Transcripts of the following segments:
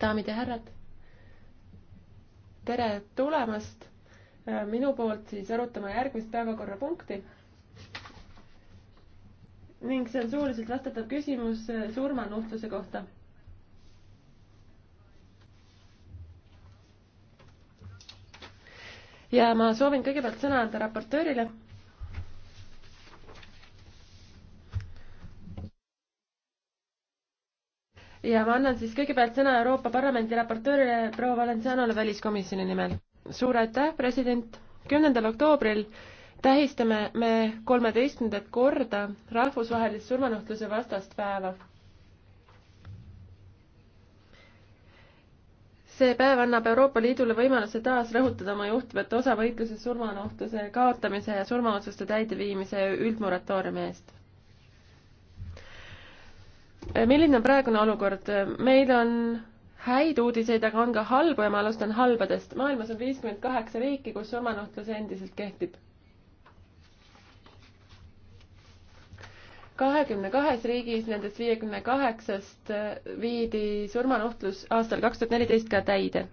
daamid ja härrad, tere tulemast äh, minu poolt siis arutama järgmist päevakorrapunkti. ning see on suuliselt vastatav küsimus äh, surmanuhtluse kohta ja ma soovin kõigepealt sõna anda raportöörile ja ma annan siis kõigepealt sõna Euroopa Parlamendi raportöörile proua Valencianole väliskomisjoni nimel. suur aitäh, president! kümnendal oktoobril tähistame me kolmeteistkümnendat korda rahvusvahelist surmanuhtluse vastast päeva. see päev annab Euroopa Liidule võimaluse taas rõhutada oma juhtivat osa võitluses surmanuhtluse kaotamise ja surmaotsuste täideviimise üldmoratooriumi eest milline on praegune olukord? meil on häid uudiseid, aga on ka halbu ja ma alustan halbadest. maailmas on viiskümmend kaheksa riiki, kus surmanuhtlus endiselt kehtib. kahekümne kahes riigis nendest viiekümne kaheksast viidi surmanuhtlus aastal kaks tuhat neliteist ka täide.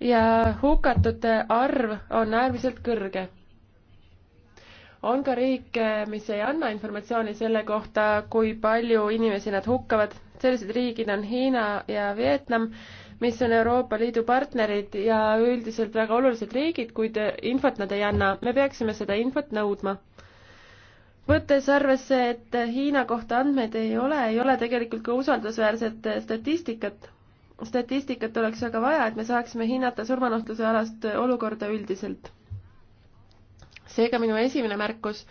ja hukatute arv on äärmiselt kõrge on ka riike, mis ei anna informatsiooni selle kohta, kui palju inimesi nad hukkavad. sellised riigid on Hiina ja Vietnam, mis on Euroopa Liidu partnerid ja üldiselt väga olulised riigid, kuid infot nad ei anna. me peaksime seda infot nõudma. võttes arvesse, et Hiina kohta andmeid ei ole, ei ole tegelikult ka usaldusväärset statistikat. statistikat oleks väga vaja, et me saaksime hinnata surmanuhtluse alast olukorda üldiselt seega minu esimene märkus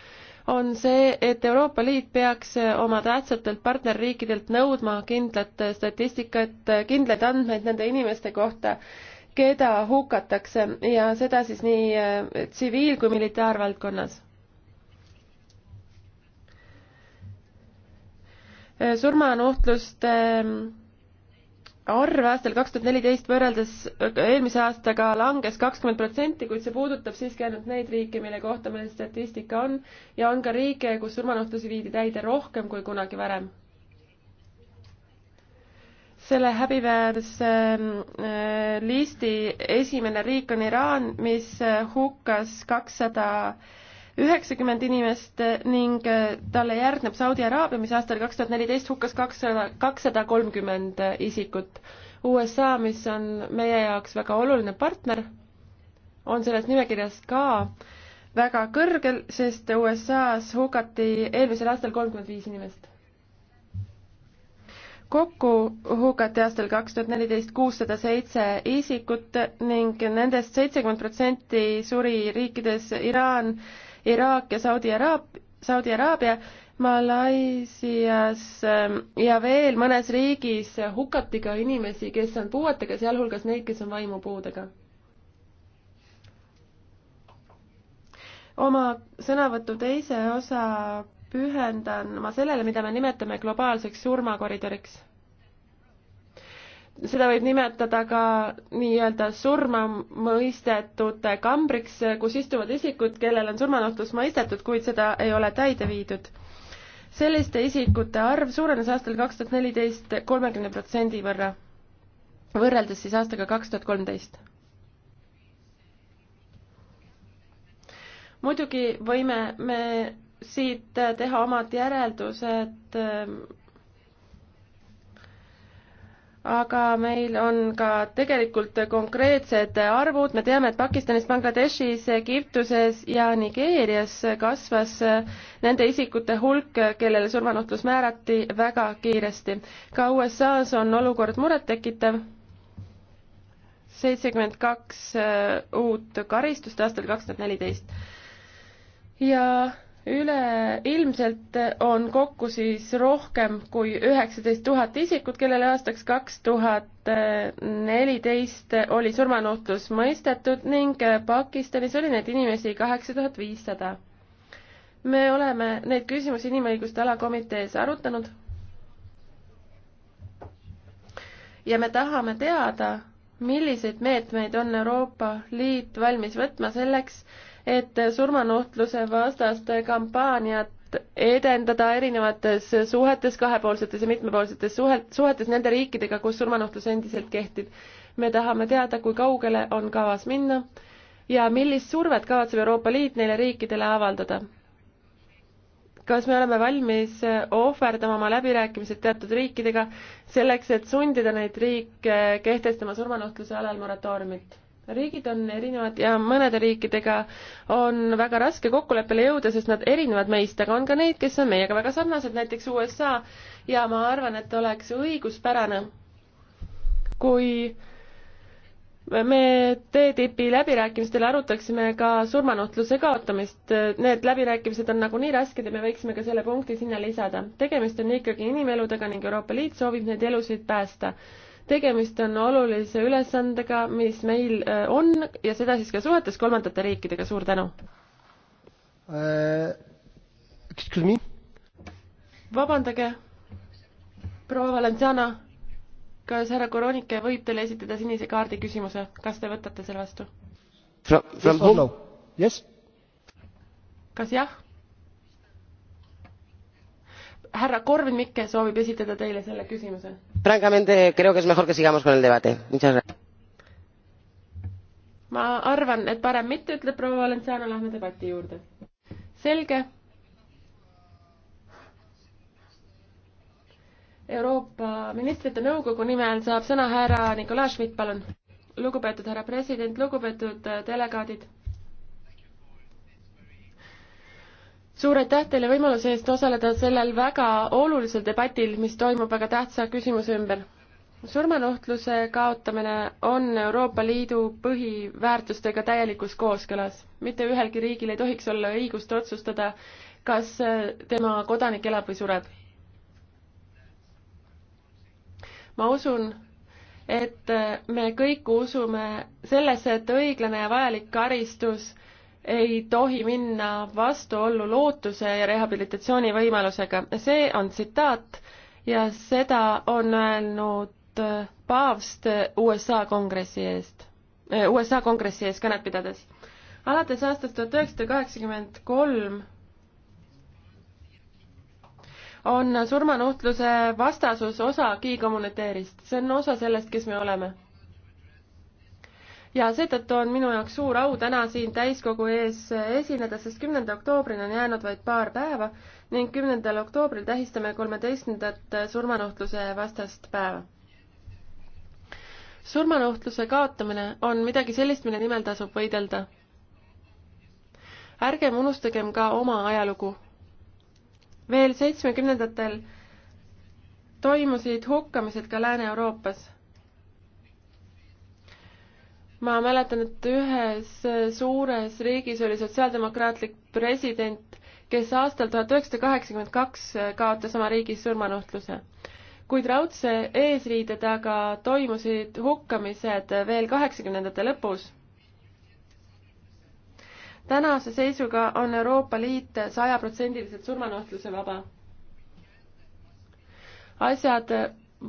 on see, et Euroopa Liit peaks oma tähtsatelt partnerriikidelt nõudma kindlat statistikat, kindlaid andmeid nende inimeste kohta, keda hukatakse ja seda siis nii eh, tsiviil- kui militaarvaldkonnas. Eh, surmanuhtluste äh, arv aastal kaks tuhat neliteist võrreldes äh, eelmise aastaga langes kakskümmend protsenti, kuid see puudutab siiski ainult neid riike, mille kohta meil statistika on ja on ka riike, kus surmanuhtlusi viidi täide rohkem kui kunagi varem. selle häbiväärse ähm, äh, listi esimene riik on Iraan, mis äh, hukkas kakssada 200 üheksakümmend inimest ning äh, talle järgneb Saudi Araabia, mis aastal kaks tuhat neliteist hukkas kakssada, kakssada kolmkümmend isikut. USA, mis on meie jaoks väga oluline partner, on selles nimekirjas ka väga kõrgel, sest USA-s hukati eelmisel aastal kolmkümmend viis inimest. kokku hukati aastal kaks tuhat neliteist kuussada seitse isikut ning nendest seitsekümmend protsenti suri riikides Iraan, Iraak ja Saudi Araab-, Saudi Araabia, Malaisias ähm, ja veel mõnes riigis hukati ka inimesi, kes on puuetega, sealhulgas neid, kes on vaimupuudega. oma sõnavõtu teise osa pühendan ma sellele, mida me nimetame globaalseks surmakoridoriks seda võib nimetada ka nii-öelda surmamõistetute kambriks, kus istuvad isikud, kellel on surmanuhtlus mõistetud, kuid seda ei ole täide viidud. selliste isikute arv suurenes aastal kaks tuhat neliteist kolmekümne protsendi võrra, võrreldes siis aastaga kaks tuhat kolmteist. muidugi võime me siit teha omad järeldused aga meil on ka tegelikult konkreetsed arvud, me teame, et Pakistanis, Bangladeshis, Egiptuses ja Nigeerias kasvas nende isikute hulk, kellele surmanuhtlus määrati väga kiiresti. ka USA-s on olukord murettekitav, seitsekümmend kaks uut karistust aastal kaks tuhat neliteist. ja üleilmselt on kokku siis rohkem kui üheksateist tuhat isikut, kellele aastaks kaks tuhat neliteist oli surmanuhtlus mõistetud ning Pakistanis oli neid inimesi kaheksa tuhat viissada. me oleme neid küsimusi inimõiguste alakomitees arutanud. ja me tahame teada, milliseid meetmeid on Euroopa Liit valmis võtma selleks, et surmanuhtluse vastast kampaaniat edendada erinevates suhetes, kahepoolsetes ja mitmepoolsetes suhet, suhetes nende riikidega, kus surmanuhtlus endiselt kehtib. me tahame teada, kui kaugele on kavas minna ja millist survet kavatseb Euroopa Liit neile riikidele avaldada. kas me oleme valmis ohverdama oma läbirääkimised teatud riikidega selleks, et sundida neid riike kehtestama surmanuhtluse alal moratooriumit? riigid on erinevad ja mõnede riikidega on väga raske kokkuleppele jõuda, sest nad erinevad meist, aga on ka neid, kes on meiega väga sarnased, näiteks USA. ja ma arvan, et oleks õiguspärane, kui me TTIP-i läbirääkimistel arutaksime ka surmanuhtluse kaotamist. Need läbirääkimised on nagunii rasked ja me võiksime ka selle punkti sinna lisada. tegemist on ikkagi inimeludega ning Euroopa Liit soovib neid elusid päästa tegemist on olulise ülesandega, mis meil äh, on ja seda siis ka suhetes kolmandate riikidega, suur tänu uh,. vabandage, proua Valenciana, kas härra Koronike võib teile esitada sinise kaardi küsimuse, kas te võtate selle vastu? From, from yes, whom? Yes. kas jah? härra Korvin Mikke soovib esitada teile selle küsimuse francamente creo que es mejor que sigamos con el debate. ma arvan, et parem mitte, ütleb proua Valenciano, lähme debati juurde. selge. Euroopa Ministrite Nõukogu nimel saab sõna härra Nikolai Schmidt, palun. lugupeetud härra president, lugupeetud delegaadid suur aitäh teile võimaluse eest osaleda sellel väga olulisel debatil, mis toimub väga tähtsa küsimuse ümber. surmanuhtluse kaotamine on Euroopa Liidu põhiväärtustega täielikus kooskõlas. mitte ühelgi riigil ei tohiks olla õigust otsustada, kas tema kodanik elab või sureb. ma usun, et me kõik usume sellesse, et õiglane ja vajalik karistus ei tohi minna vastuollu lootuse ja rehabilitatsiooni võimalusega. see on tsitaat ja seda on öelnud äh, paavst USA kongressi eest, äh, USA kongressi ees kõnet pidades. alates aastast tuhat üheksasada kaheksakümmend kolm on surmanuhtluse vastasus osa Key Community'st, see on osa sellest, kes me oleme ja seetõttu on minu jaoks suur au täna siin täiskogu ees esineda, sest kümnenda oktoobrini on jäänud vaid paar päeva ning kümnendal oktoobril tähistame kolmeteistkümnendat surmanuhtluse vastast päeva. surmanuhtluse kaotamine on midagi sellist, mille nimel tasub võidelda. ärgem unustagem ka oma ajalugu. veel seitsmekümnendatel toimusid hukkamised ka Lääne-Euroopas ma mäletan, et ühes suures riigis oli sotsiaaldemokraatlik president, kes aastal tuhat üheksasada kaheksakümmend kaks kaotas oma riigis surmanuhtluse. kuid raudse eesriide taga toimusid hukkamised veel kaheksakümnendate lõpus. tänase seisuga on Euroopa Liit sajaprotsendiliselt surmanuhtluse vaba. asjad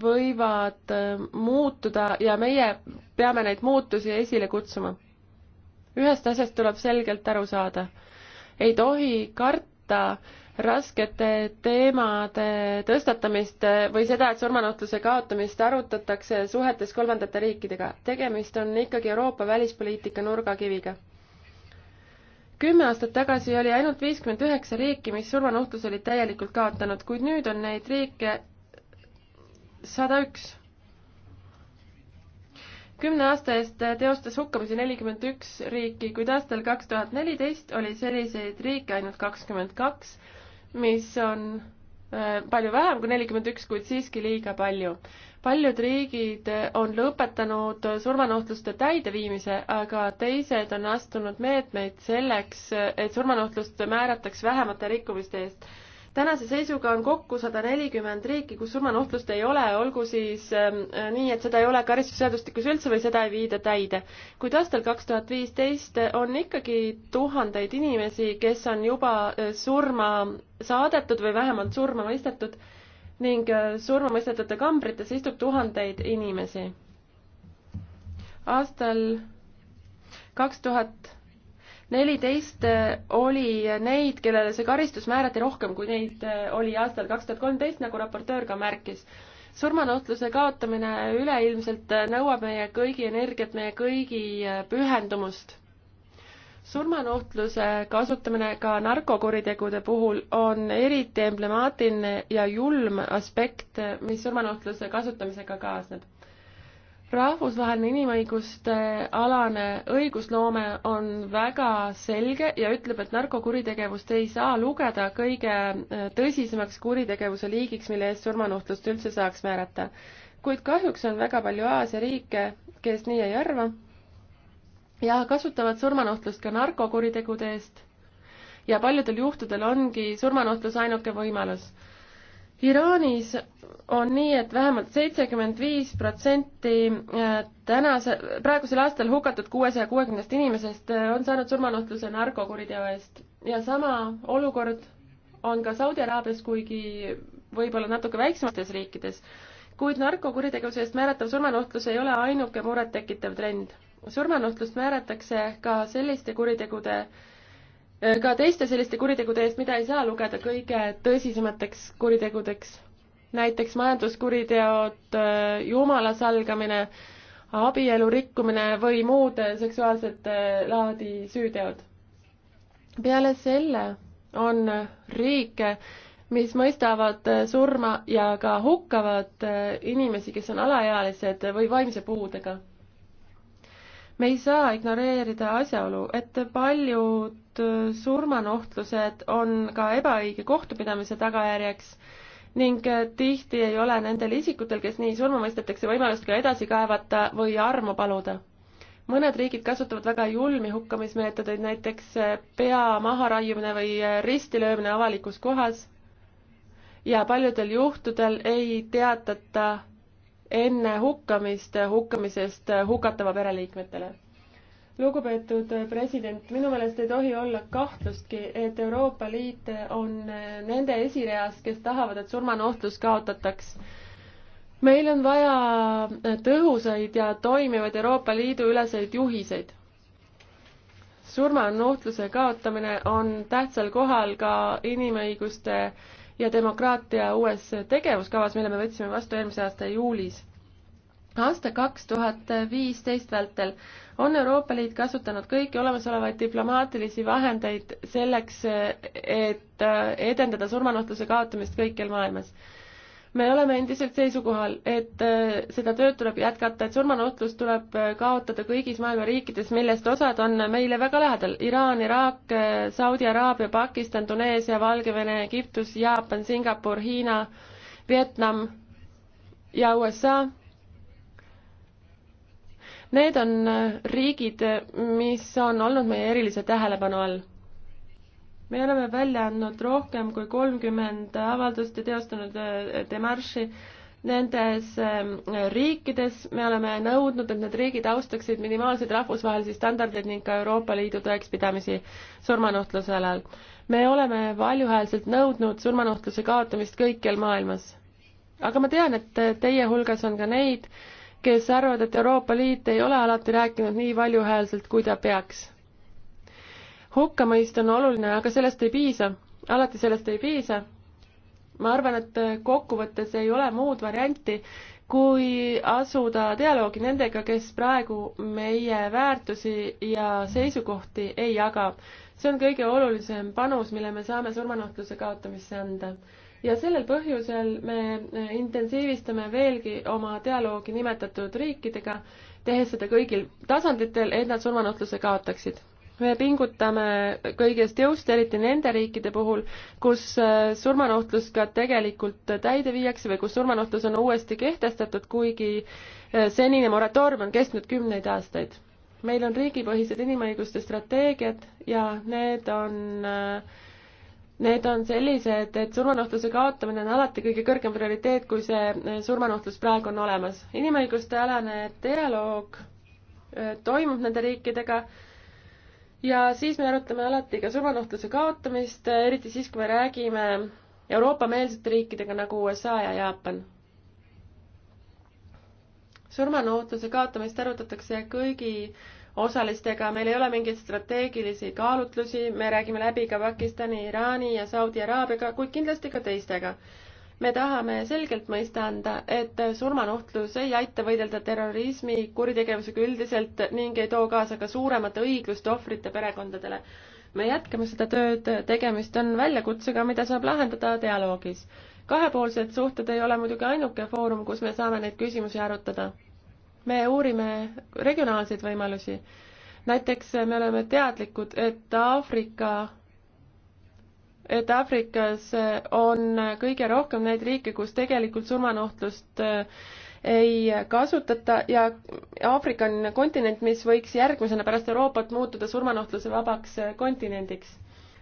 võivad äh, muutuda ja meie peame neid muutusi esile kutsuma. ühest asjast tuleb selgelt aru saada. ei tohi karta raskete teemade tõstatamist või seda, et surmanuhtluse kaotamist arutatakse suhetes kolmandate riikidega. tegemist on ikkagi Euroopa välispoliitika nurgakiviga. kümme aastat tagasi oli ainult viiskümmend üheksa riiki, mis surmanuhtluse olid täielikult kaotanud, kuid nüüd on neid riike sada üks. kümne aasta eest teostas hukkamisi nelikümmend üks riiki, kuid aastal kaks tuhat neliteist oli selliseid riike ainult kakskümmend kaks, mis on äh, palju vähem kui nelikümmend üks, kuid siiski liiga palju. paljud riigid on lõpetanud surmanuhtluste täideviimise, aga teised on astunud meetmeid selleks, et surmanuhtlust määrataks vähemate rikkumiste eest tänase seisuga on kokku sada nelikümmend riiki, kus surmanuhtlust ei ole, olgu siis ähm, äh, nii, et seda ei ole karistusseadustikus üldse või seda ei viida täide. kuid aastal kaks tuhat viisteist on ikkagi tuhandeid inimesi, kes on juba äh, surma saadetud või vähemalt surma mõistetud ning äh, surma mõistetute kambrites istub tuhandeid inimesi. aastal kaks tuhat neliteist äh, oli neid, kellele see karistus määrati rohkem, kui neid äh, oli aastal kaks tuhat kolmteist, nagu raportöör ka märkis. surmanuhtluse kaotamine üleilmselt äh, nõuab meie kõigi energiat, meie kõigi pühendumust. surmanuhtluse kasutamine ka narkokuritegude puhul on eriti emblemaatiline ja julm aspekt, mis surmanuhtluse kasutamisega kaasneb rahvusvaheline inimõiguste alane õigusloome on väga selge ja ütleb, et narkokuritegevust ei saa lugeda kõige äh, tõsisemaks kuritegevuse liigiks, mille eest surmanuhtlust üldse saaks määrata. kuid kahjuks on väga palju Aasia riike, kes nii ei arva ja kasutavad surmanuhtlust ka narkokuritegude eest. ja paljudel juhtudel ongi surmanuhtlus ainuke võimalus Iraanis on nii, et vähemalt seitsekümmend viis protsenti äh, tänase, praegusel aastal hukatud kuuesaja kuuekümnest inimesest äh, on saanud surmanuhtluse narkokuriteo eest ja sama olukord on ka Saudi Araabias, kuigi võib-olla natuke väiksemates riikides. kuid narkokuritegevuse eest määratav surmanuhtlus ei ole ainuke murettekitav trend. surmanuhtlust määratakse ka selliste kuritegude Äh, ka teiste selliste kuritegude eest, mida ei saa lugeda kõige tõsisemateks kuritegudeks. näiteks majanduskuriteod, äh, jumala salgamine, abielu rikkumine või muud äh, seksuaalsete laadi süüteod. peale selle on riike, mis mõistavad surma ja ka hukkavad inimesi, kes on alaealised või vaimse puudega. me ei saa ignoreerida asjaolu, et paljud Äh, surmanohtlused on ka ebaõige kohtupidamise tagajärjeks ning äh, tihti ei ole nendel isikutel, kes nii surma mõistetakse, võimalust ka edasi kaevata või armu paluda. mõned riigid kasutavad väga julmi hukkamismeetodeid, näiteks äh, pea maharaiumine või risti löömine avalikus kohas ja paljudel juhtudel ei teatata enne hukkamist hukkamisest hukatava pereliikmetele lugupeetud äh, president, minu meelest ei tohi olla kahtlustki, et Euroopa Liit äh, on äh, nende esireas, kes tahavad, et surmanuhtlus kaotataks. meil on vaja tõhusaid ja toimivaid Euroopa Liidu üleseid juhiseid. surmanuhtluse kaotamine on tähtsal kohal ka inimõiguste ja demokraatia uues tegevuskavas, mille me võtsime vastu eelmise aasta juulis. aasta kaks tuhat viisteist vältel on Euroopa Liit kasutanud kõiki olemasolevaid diplomaatilisi vahendeid selleks, et äh, edendada surmanuhtluse kaotamist kõikjal maailmas me oleme endiselt seisukohal, et äh, seda tööd tuleb jätkata, et surmanuhtlus tuleb äh, kaotada kõigis maailma riikides, millest osad on meile väga lähedal. Iraan, Iraak, Saudi Araabia, Pakistan, Tuneesia, Valgevene, Egiptus, Jaapan, Singapur, Hiina, Vietnam ja USA Need on äh, riigid, äh, mis on olnud meie erilise tähelepanu all. me oleme välja andnud rohkem kui kolmkümmend avaldust ja teostanud äh, demarši nendes ähm, riikides me oleme nõudnud, et need riigid austaksid minimaalseid rahvusvahelisi standardeid ning ka Euroopa Liidu tõekspidamisi surmanuhtluse alal. me oleme valjuhäälselt nõudnud surmanuhtluse kaotamist kõikjal maailmas. aga ma tean, et teie hulgas on ka neid, kes arvavad, et Euroopa Liit ei ole alati rääkinud nii valjuhäälselt, kui ta peaks. hukkamõist on oluline, aga sellest ei piisa, alati sellest ei piisa. ma arvan, et kokkuvõttes ei ole muud varianti, kui asuda dialoogi nendega, kes praegu meie väärtusi ja seisukohti ei jaga. see on kõige olulisem panus, mille me saame surmanuhtluse kaotamisse anda ja sellel põhjusel me eh, intensiivistame veelgi oma dialoogi nimetatud riikidega, tehes seda kõigil tasanditel, et nad surmanuhtluse kaotaksid me pingutame kõigest jõust, eriti nende riikide puhul, kus eh, surmanuhtlus ka tegelikult täide viiakse või kus surmanuhtlus on uuesti kehtestatud, kuigi eh, senine moratoorium on kestnud kümneid aastaid. meil on riigipõhised inimõiguste strateegiad ja need on äh, Need on sellised, et surmanuhtluse kaotamine on alati kõige kõrgem prioriteet, kui see eh, surmanuhtlus praegu on olemas. inimõiguste alane dialoog eh, toimub nende riikidega ja siis me arutame alati ka surmanuhtluse kaotamist, eh, eriti siis, kui me räägime Euroopa-meelsete riikidega nagu USA ja Jaapan. surmanuhtluse kaotamist arutatakse kõigi osalistega, meil ei ole mingeid strateegilisi kaalutlusi, me räägime läbi ka Pakistani, Iraani ja Saudi Araabiaga, kuid kindlasti ka teistega. me tahame selgelt mõista anda, et surmanuhtlus ei aita võidelda terrorismi kuritegevusega üldiselt ning ei too kaasa ka suuremat õiglust ohvrite perekondadele. me jätkame seda tööd, tegemist on väljakutsega, mida saab lahendada dialoogis kahepoolsed suhted ei ole muidugi ainuke foorum, kus me saame neid küsimusi arutada me uurime regionaalseid võimalusi. näiteks me oleme teadlikud, et Aafrika, et Aafrikas on kõige rohkem neid riike, kus tegelikult surmanuhtlust äh, ei kasutata ja Aafrika on kontinent, mis võiks järgmisena pärast Euroopat muutuda surmanuhtluse vabaks äh, kontinendiks.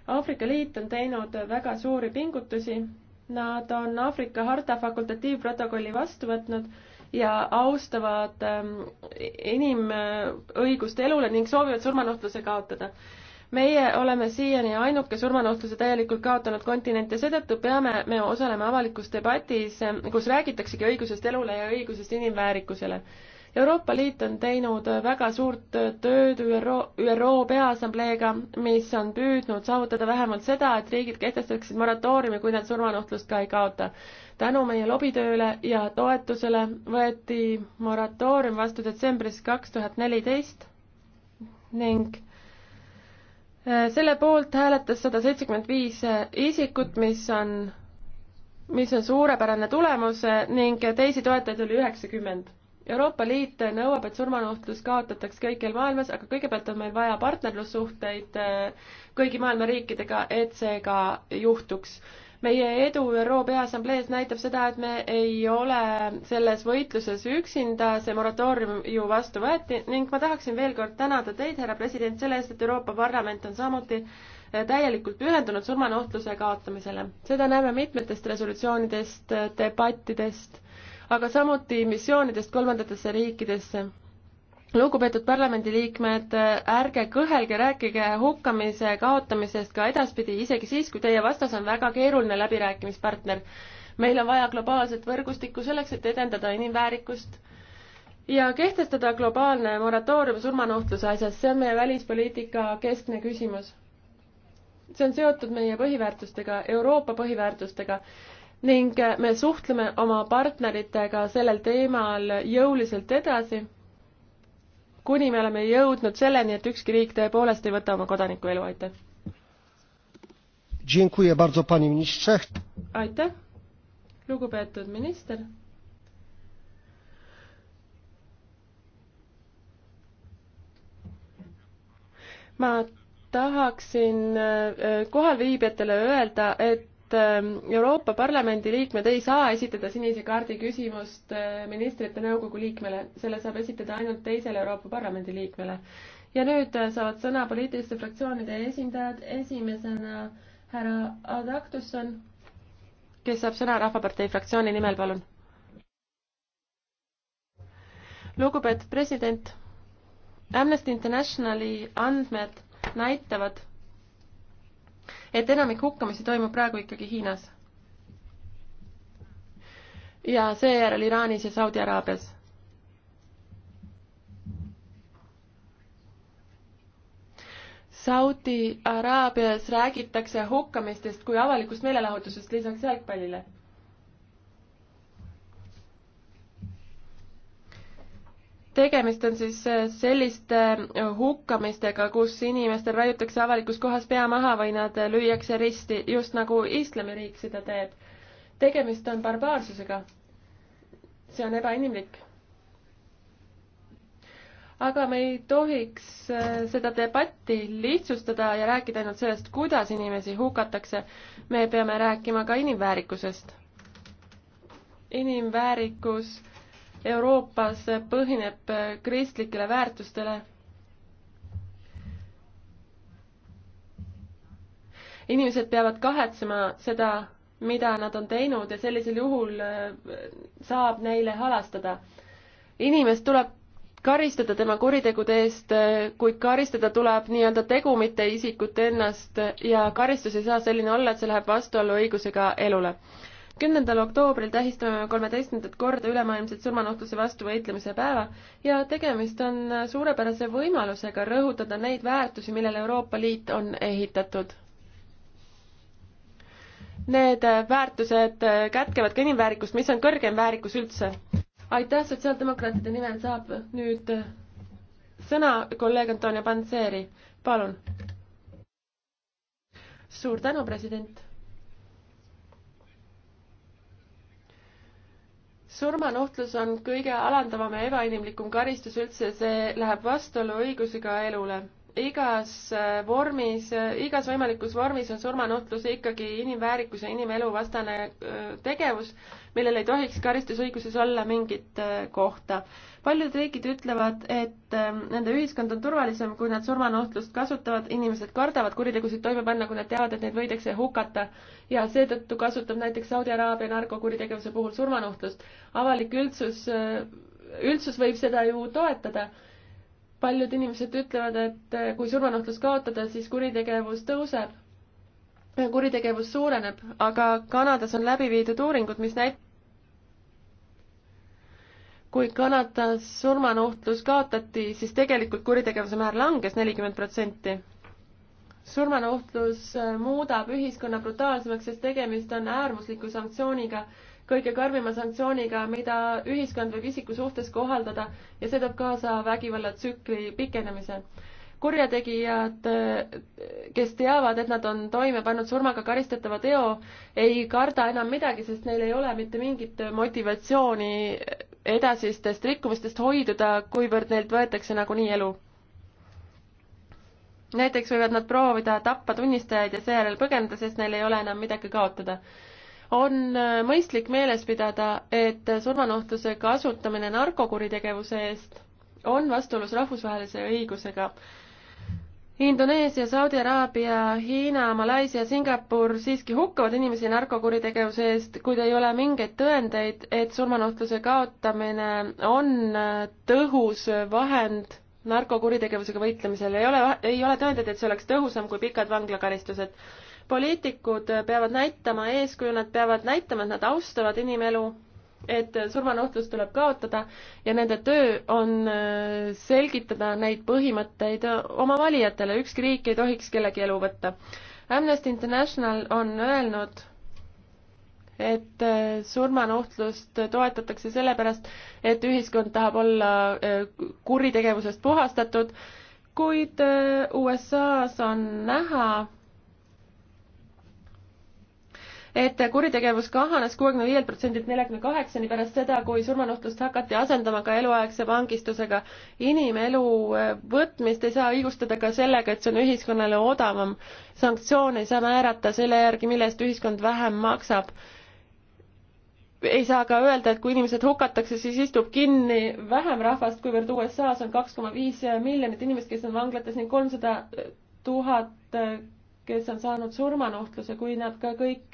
Aafrika Liit on teinud väga suuri pingutusi, nad on Aafrika harta fakultatiivprotokolli vastu võtnud ja austavad inimõigust ähm, äh, elule ning soovivad surmanuhtluse kaotada meie oleme siiani ainuke surmanuhtluse täielikult kaotanud kontinent ja seetõttu peame me osalema avalikus debatis, äh, kus räägitaksegi õigusest elule ja õigusest inimväärikusele. Euroopa Liit on teinud väga suurt tööd ÜRO, ÜRO Peaassambleega, mis on püüdnud saavutada vähemalt seda, et riigid kehtestaksid moratooriumi, kui nad surmanuhtlust ka ei kaota. tänu meie lobitööle ja toetusele võeti moratoorium vastu detsembris kaks tuhat neliteist ning äh, selle poolt hääletas sada seitsekümmend viis äh, isikut, mis on, mis on suurepärane tulemus äh, ning teisi toetajaid oli üheksakümmend Euroopa Liit nõuab, et surmanuhtlus kaotataks kõikjal maailmas, aga kõigepealt on meil vaja partnerlussuhteid äh, kõigi maailma riikidega, et see ka juhtuks. meie edu ÜRO Peaassamblees näitab seda, et me ei ole selles võitluses üksinda, see moratoorium ju vastu võeti ning ma tahaksin veel kord tänada teid, härra president, selle eest, et Euroopa Parlament on samuti äh, täielikult pühendunud surmanuhtluse kaotamisele. seda näeme mitmetest resolutsioonidest, äh, debattidest aga samuti missioonidest kolmandatesse riikidesse lugupeetud parlamendiliikmed, ärge kõhelge, rääkige hukkamise kaotamisest ka edaspidi, isegi siis, kui teie vastas on väga keeruline läbirääkimispartner. meil on vaja globaalset võrgustikku selleks, et edendada inimväärikust ja kehtestada globaalne moratoorium surmanuhtluse asjas, see on meie välispoliitika keskne küsimus. see on seotud meie põhiväärtustega, Euroopa põhiväärtustega ning me suhtleme oma partneritega sellel teemal jõuliselt edasi, kuni me oleme jõudnud selleni, et ükski riik tõepoolest ei võta oma kodaniku elu, aitäh. aitäh, lugupeetud minister. ma tahaksin äh, kohalviibijatele öelda, et et ähm, Euroopa Parlamendi liikmed ei saa esitada sinise kaardi küsimust äh, ministrite nõukogu liikmele, selle saab esitada ainult teisele Euroopa Parlamendi liikmele. ja nüüd äh, saavad sõna poliitiliste fraktsioonide esindajad, esimesena härra Adaktusson, kes saab sõna Rahvapartei fraktsiooni nimel, palun. lugupeetud president, Amnesty Internationali andmed näitavad, et enamik hukkamisi toimub praegu ikkagi Hiinas. ja seejärel Iraanis ja Saudi Araabias. Saudi Araabias räägitakse hukkamistest kui avalikust meelelahutusest lisaks jalgpallile tegemist on siis äh, selliste äh, hukkamistega, kus inimestel raiutakse avalikus kohas pea maha või nad äh, lüüakse risti, just nagu islamiriik seda teeb. tegemist on barbaarsusega. see on ebainimlik. aga me ei tohiks seda debatti lihtsustada ja rääkida ainult sellest, kuidas inimesi hukatakse. me peame rääkima ka inimväärikusest. inimväärikus Euroopas põhineb kristlikele väärtustele. inimesed peavad kahetsema seda, mida nad on teinud ja sellisel juhul äh, saab neile halastada. inimest tuleb karistada tema kuritegude eest, äh, kuid karistada tuleb nii-öelda tegu, mitte isikut ennast ja karistus ei saa selline olla, et see läheb vastuollu õigusega elule kümnendal oktoobril tähistame kolmeteistkümnendat korda ülemaailmset surmanuhtluse vastu võitlemise päeva ja tegemist on suurepärase võimalusega rõhutada neid väärtusi, millele Euroopa Liit on ehitatud. Need väärtused kätkevad ka inimväärikust, mis on kõrgem väärikus üldse. aitäh, sotsiaaldemokraatide nimel saab nüüd sõna kolleeg Antonia Panseri, palun. suur tänu, president surmanuhtlus on kõige alandavam ja ebainimlikum karistus üldse, see läheb vastuollu õigusega elule igas äh, vormis, äh, igas võimalikus vormis on surmanuhtlus ikkagi inimväärikuse, inimelu vastane äh, tegevus, millel ei tohiks karistusõiguses olla mingit kohta. paljud riigid ütlevad, et ähm, nende ühiskond on turvalisem, kui nad surmanuhtlust kasutavad, inimesed kardavad kuritegusid toime panna, kui nad teavad, et neid võidakse hukata ja seetõttu kasutab näiteks Saudi Araabia narkokuritegevuse puhul surmanuhtlust. avalik üldsus, üldsus võib seda ju toetada paljud inimesed ütlevad, et eh, kui surmanuhtlus kaotada, siis kuritegevus tõuseb, kuritegevus suureneb, aga Kanadas on läbi viidud uuringud, mis näit-, kui Kanadas surmanuhtlus kaotati, siis tegelikult kuritegevuse määr langes nelikümmend protsenti. surmanuhtlus eh, muudab ühiskonna brutaalsemaks, sest tegemist on äärmusliku sanktsiooniga kõige karmima sanktsiooniga, mida ühiskond võib isiku suhtes kohaldada ja see toob kaasa vägivallatsükli pikenemise kurjategijad, kes teavad, et nad on toime pannud surmaga karistatava teo, ei karda enam midagi, sest neil ei ole mitte mingit motivatsiooni edasistest rikkumistest hoiduda, kuivõrd neilt võetakse nagunii elu. näiteks võivad nad proovida tappa tunnistajaid ja seejärel põgeneda, sest neil ei ole enam midagi kaotada on äh, mõistlik meeles pidada, et surmanohtuse kasutamine narkokuritegevuse eest on vastuolus rahvusvahelise õigusega. Indoneesia, Saudi Araabia, Hiina, Malaisia, Singapur siiski hukkavad inimesi narkokuritegevuse eest, kuid ei ole mingeid tõendeid, et surmanohtuse kaotamine on äh, tõhus vahend narkokuritegevusega võitlemisel. ei ole, ei ole tõendeid, et see oleks tõhusam kui pikad vanglakaristused poliitikud peavad näitama eeskuju, nad peavad näitama, et nad austavad inimelu, et surmanuhtlus tuleb kaotada ja nende töö on äh, selgitada neid põhimõtteid äh, oma valijatele, ükski riik ei tohiks kellegi elu võtta. Amnesty International on öelnud, et äh, surmanuhtlust toetatakse sellepärast, et ühiskond tahab olla kuritegevusest puhastatud, kuid USA-s on näha, et kuritegevus kahanes kuuekümne viielt protsendilt neljakümne kaheksani pärast seda, kui surmanuhtlust hakati asendama ka eluaegse vangistusega. inimelu äh, võtmist ei saa õigustada ka sellega, et see on ühiskonnale odavam. sanktsioone ei saa määrata selle järgi, mille eest ühiskond vähem maksab ei saa ka öelda, et kui inimesed hukatakse, siis istub kinni vähem rahvast, kuivõrd USA-s on kaks koma viis miljonit inimest, kes on vanglates ning kolmsada tuhat äh, kes on saanud surmanuhtluse, kui nad ka kõik,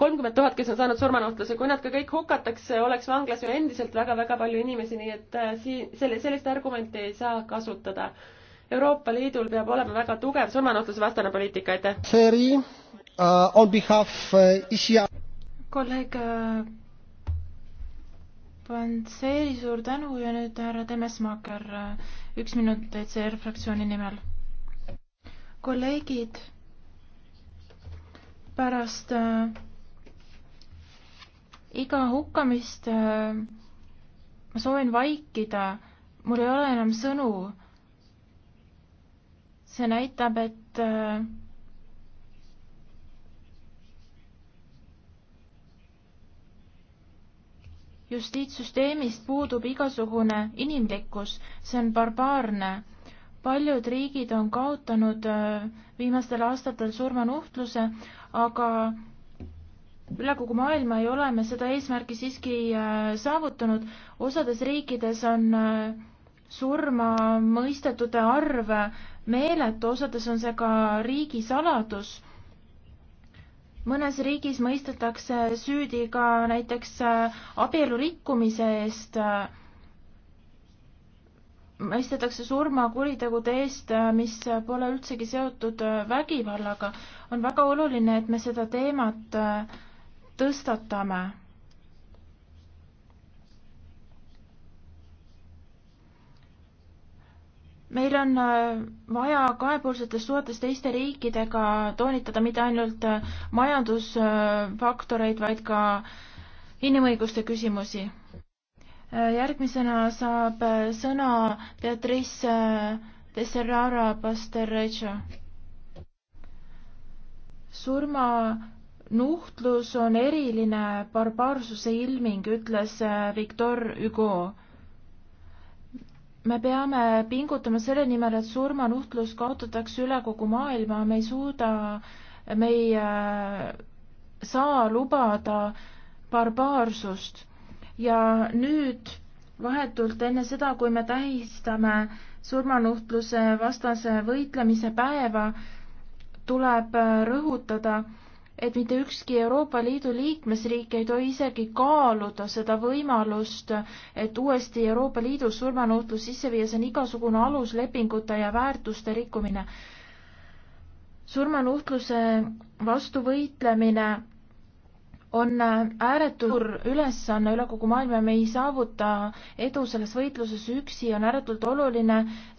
kolmkümmend tuhat, kes on saanud surmanuhtluse, kui nad ka kõik hukatakse, oleks vanglas ju endiselt väga-väga palju inimesi, nii et äh, siin selle, sellist argumenti ei saa kasutada. Euroopa Liidul peab olema väga tugev surmanuhtluse vastane poliitika, aitäh. Seri uh,, on behalf uh, Isia. kolleeg Panseri, suur tänu ja nüüd härra Temesmaaker, üks minut ECR fraktsiooni nimel. kolleegid pärast äh, iga hukkamist äh, ma soovin vaikida, mul ei ole enam sõnu. see näitab, et äh, justiitssüsteemist puudub igasugune inimlikkus, see on barbaarne. paljud riigid on kaotanud äh, viimastel aastatel surmanuhtluse, aga üle kogu maailma ei ole me seda eesmärki siiski äh, saavutanud. osades riikides on äh, surma mõistetute arv meeletu, osades on see ka riigisaladus. mõnes riigis mõistetakse süüdi ka näiteks äh, abielu rikkumise eest, mõistetakse surma kuritegude eest, mis pole üldsegi seotud vägivallaga on väga oluline, et me seda teemat äh, tõstatame. meil on äh, vaja kahepoolsetes suhetes teiste riikidega toonitada mitte ainult äh, majandusfaktoreid, vaid ka inimõiguste küsimusi järgmisena saab sõna Beatrice Deserrara Pasterrejo surmanuhtlus on eriline barbaarsuse ilming, ütles äh, Victor Hugo. me peame pingutama selle nimel, et surmanuhtlus kaotatakse üle kogu maailma, me ei suuda, me ei äh, saa lubada barbaarsust ja nüüd vahetult enne seda, kui me tähistame surmanuhtluse vastase võitlemise päeva, tuleb äh, rõhutada, et mitte ükski Euroopa Liidu liikmesriik ei tohi isegi kaaluda seda võimalust, et uuesti Euroopa Liidus surmanuhtlus sisse viia, see on igasugune aluslepingute ja väärtuste rikkumine. surmanuhtluse vastu võitlemine on äh, ääretu suur ülesanne üle kogu maailma, me ei saavuta edu selles võitluses üksi, on ääretult oluline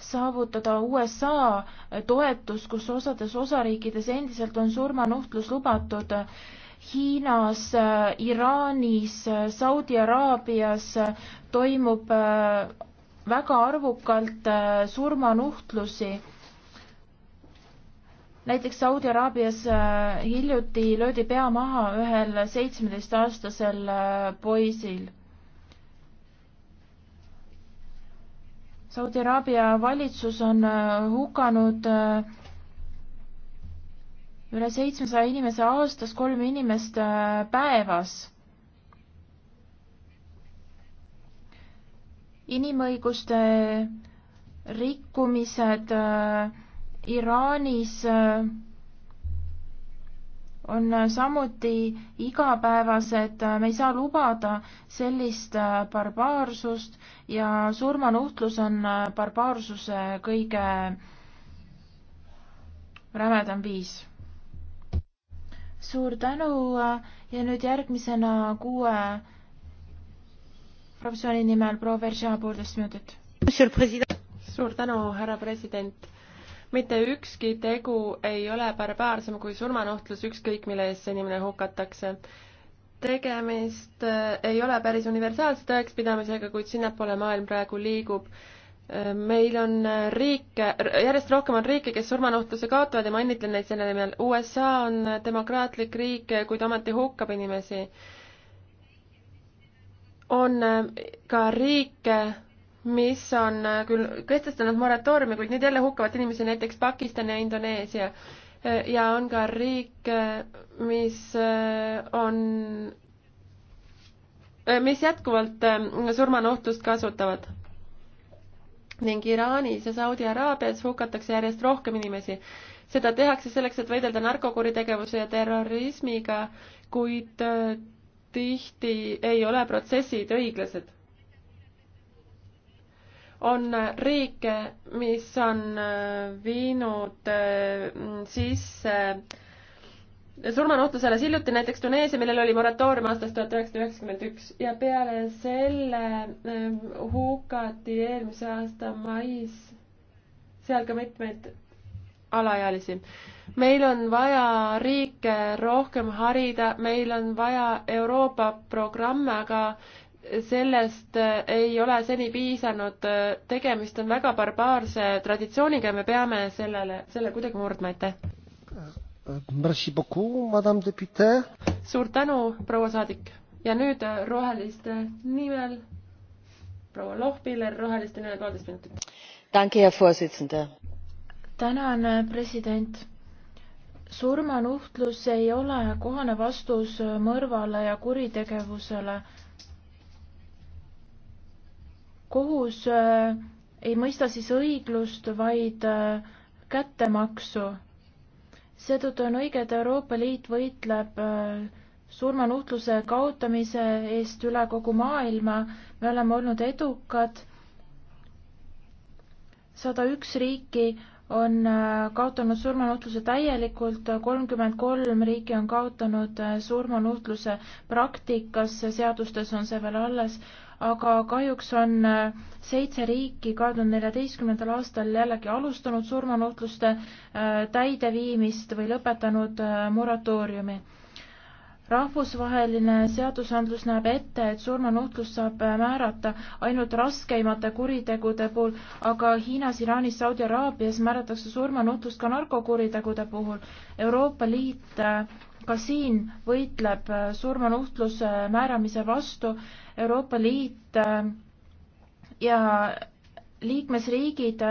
saavutada USA äh, toetus, kus osades osariikides endiselt on surmanuhtlus lubatud. Hiinas, äh, Iraanis, Saudi Araabias toimub väga arvukalt surmanuhtlusi näiteks Saudi Araabias äh, hiljuti löödi pea maha ühel seitsmeteistaastasel äh, poisil. Saudi Araabia valitsus on äh, hukanud üle seitsmesaja inimese aastas, kolm inimest päevas inimõiguste rikkumised äh, Iraanis äh, on äh, samuti igapäevased, äh, me ei saa lubada sellist barbaarsust ja surmanuhtlus on barbaarsuse kõige rämedam viis suur tänu ja nüüd järgmisena kuue fraktsiooni nimel proua Veržea poolteist minutit. suur tänu, härra president mitte ükski tegu ei ole barbaarsem kui surmanuhtlus, ükskõik mille eest see inimene hukatakse. tegemist äh, ei ole päris universaalse tõekspidamisega, kuid sinnapoole maailm praegu liigub äh, meil on äh, riike, järjest rohkem on riike, kes surmanuhtluse kaotavad ja ma õnnitlen neid selle nimel. USA on demokraatlik riik, kuid ometi hukkab inimesi. on ka riike, mis on äh, küll kehtestanud moratooriumi, kuid nüüd jälle hukkavad inimesi näiteks Pakistan ja Indoneesia. Äh, ja on ka riik, äh, mis on, mis jätkuvalt surmanuhtlust kasutavad. ning Iraanis ja Saudi Araabias hukatakse järjest rohkem inimesi. seda tehakse selleks, et võidelda narkokuritegevuse ja terrorismiga, kuid tihti ei ole protsessid õiglased on riike, mis on äh, viinud äh, sisse äh, surmanuhtlus alles hiljuti, näiteks Tuneesia, millel oli moratoorium aastast tuhat üheksasada üheksakümmend üks ja peale selle hukati eelmise aasta mais seal ka mitmeid alaealisi. meil on vaja riike rohkem harida, meil on vaja Euroopa programme, aga sellest äh, ei ole seni piisanud, äh, tegemist on väga barbaarse traditsiooniga ja me peame sellele, selle kuidagi murdma, aitäh. Merci beaucoup, madame deputee. suur tänu, proua saadik. ja nüüd äh, roheliste nimel proua Lohpiller, roheliste nimel poolteist minutit. Danke, Herr Vorsitzender. tänan, president. surmanuhtlus ei ole kohane vastus mõrvale ja kuritegevusele kohus äh, ei mõista siis õiglust, vaid äh, kättemaksu. seetõttu on õige, et Euroopa Liit võitleb äh, surmanuhtluse kaotamise eest üle kogu maailma. me oleme olnud edukad. sada üks riiki on kaotanud surmanuhtluse täielikult, kolmkümmend kolm riiki on kaotanud surmanuhtluse praktikas, seadustes on see veel alles aga kahjuks on äh, seitse riiki kahe tuhande neljateistkümnendal aastal jällegi alustanud surmanuhtluste äh, täideviimist või lõpetanud äh, moratooriumi. rahvusvaheline seadusandlus näeb ette, et surmanuhtlust saab määrata ainult raskeimate kuritegude puhul, aga Hiinas, Iraanis, Saudi Araabias määratakse surmanuhtlust ka narkokuritegude puhul. Euroopa Liit ka siin võitleb surmanuhtluse määramise vastu Euroopa Liit äh, ja liikmesriigid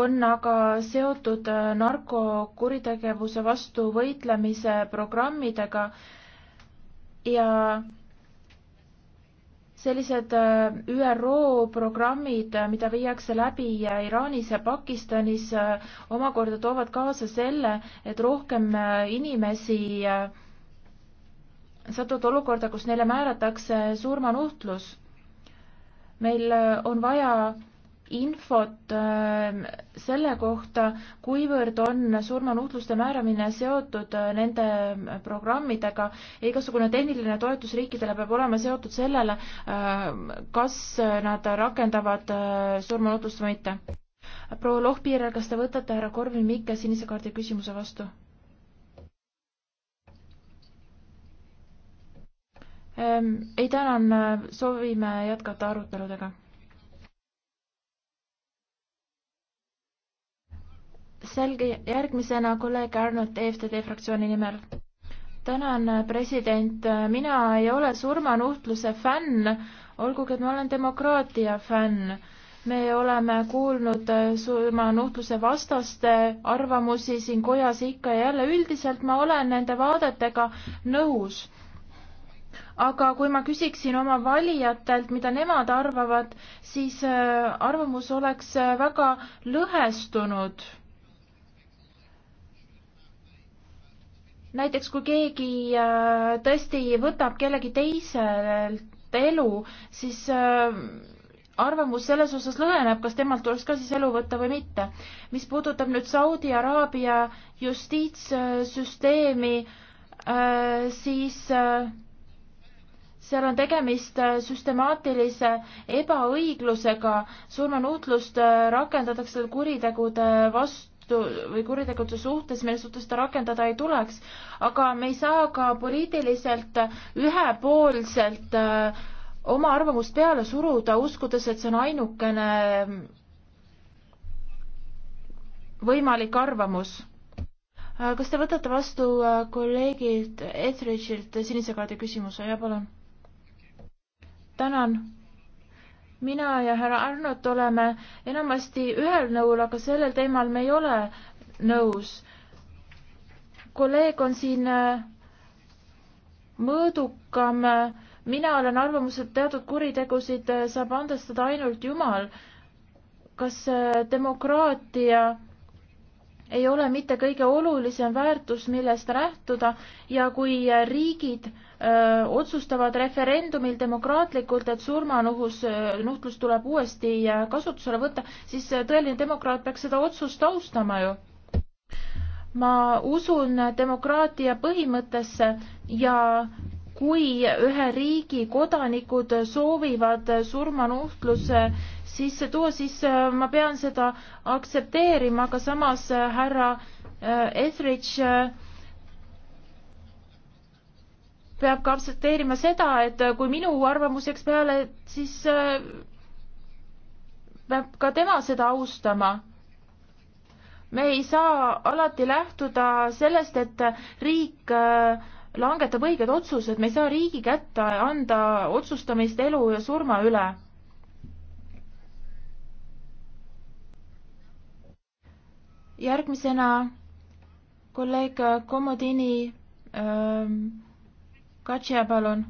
on aga seotud äh, narkokuritegevuse vastu võitlemise programmidega ja sellised äh, ÜRO programmid, mida viiakse läbi Iraanis ja Pakistanis, omakorda toovad kaasa selle, et rohkem inimesi satuvad olukorda, kus neile määratakse surmanuhtlus. meil äh, on vaja infot äh, selle kohta, kuivõrd on surmanuhtluste määramine seotud äh, nende programmidega ja igasugune tehniline toetus riikidele peab olema seotud sellele, kas nad rakendavad surmanuhtlust või mitte. proua Lohpiir, kas te võtate härra Korvin Mikke sinise kaardi küsimuse vastu? Ehm, ei, tänan, soovime jätkata aruteludega. selge, järgmisena kolleeg Arnold EFTD fraktsiooni nimel. tänan, president, mina ei ole surmanuhtluse fänn, olgugi et ma olen demokraatia fänn me oleme kuulnud surmanuhtluse vastaste arvamusi siin kojas ikka ja jälle, üldiselt ma olen nende vaadetega nõus aga kui ma küsiksin oma valijatelt, mida nemad arvavad, siis äh, arvamus oleks äh, väga lõhestunud. näiteks kui keegi äh, tõesti võtab kellegi teiselt elu, siis arvamus selles osas lõheneb, kas temalt tuleks ka siis elu võtta või mitte. mis puudutab nüüd Saudi Araabia justiitssüsteemi, siis äh, seal on tegemist äh, süstemaatilise ebaõiglusega, surmanuutlust äh, rakendatakse kuritegude vastu või kuritegude suhtes, mille suhtes ta rakendada ei tuleks. aga me ei saa ka poliitiliselt äh, ühepoolselt oma arvamust peale suruda, uskudes, et see on ainukene ähm, võimalik arvamus kas te võtate vastu kolleegilt Etheridge'ilt sinise kaardi küsimuse, jah, palun? tänan. mina ja härra Arnold oleme enamasti ühel nõul, aga sellel teemal me ei ole nõus. kolleeg on siin äh, mõõdukam, mina olen arvamusel, et teatud kuritegusid äh, saab andestada ainult Jumal. kas äh, demokraatia ei ole mitte kõige olulisem väärtus, millest lähtuda ja kui riigid öö, otsustavad referendumil demokraatlikult, et surmanuhus, nuhtlus tuleb uuesti äh, kasutusele võtta, siis äh, tõeline demokraat peaks seda otsust austama ju. ma usun demokraatia põhimõttesse ja kui ühe riigi kodanikud soovivad surmanuhtluse sisse tuua, siis äh, ma pean seda aktsepteerima, aga samas äh, härra äh, Etheridge peab ka aktsepteerima seda, et kui minu arvamus jääks peale, siis peab ka tema seda austama. me ei saa alati lähtuda sellest, et riik langetab õiged otsused, me ei saa riigi kätte anda otsustamist elu ja surma üle järgmisena kolleeg Komodini ähm, Katja, palun.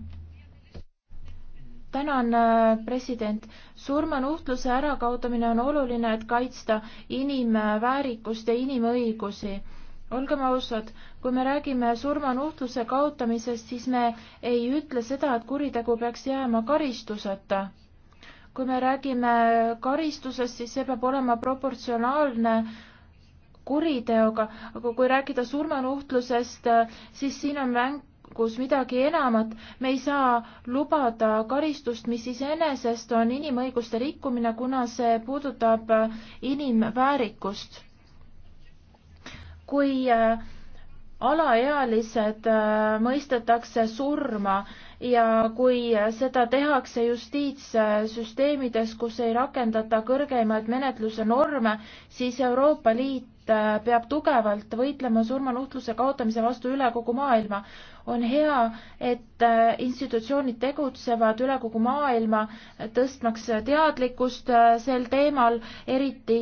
tänan, äh, president. surmanuhtluse ärakaotamine on oluline, et kaitsta inimväärikust ja inimõigusi olgem ausad, kui me räägime surmanuhtluse kaotamisest, siis me ei ütle seda, et kuritegu peaks jääma karistuseta. kui me räägime karistusest, siis see peab olema proportsionaalne kuriteoga, aga kui rääkida surmanuhtlusest, siis siin on mängus midagi enamat. me ei saa lubada karistust, mis iseenesest on inimõiguste rikkumine, kuna see puudutab äh, inimväärikust. kui äh, alaealised äh, mõistetakse surma ja kui seda tehakse justiitssüsteemides, kus ei rakendata kõrgeimaid menetluse norme, siis Euroopa Liit Äh, peab tugevalt võitlema surmanuhtluse kaotamise vastu üle kogu maailma. on hea, et äh, institutsioonid tegutsevad üle kogu maailma, tõstmaks teadlikkust äh, sel teemal, eriti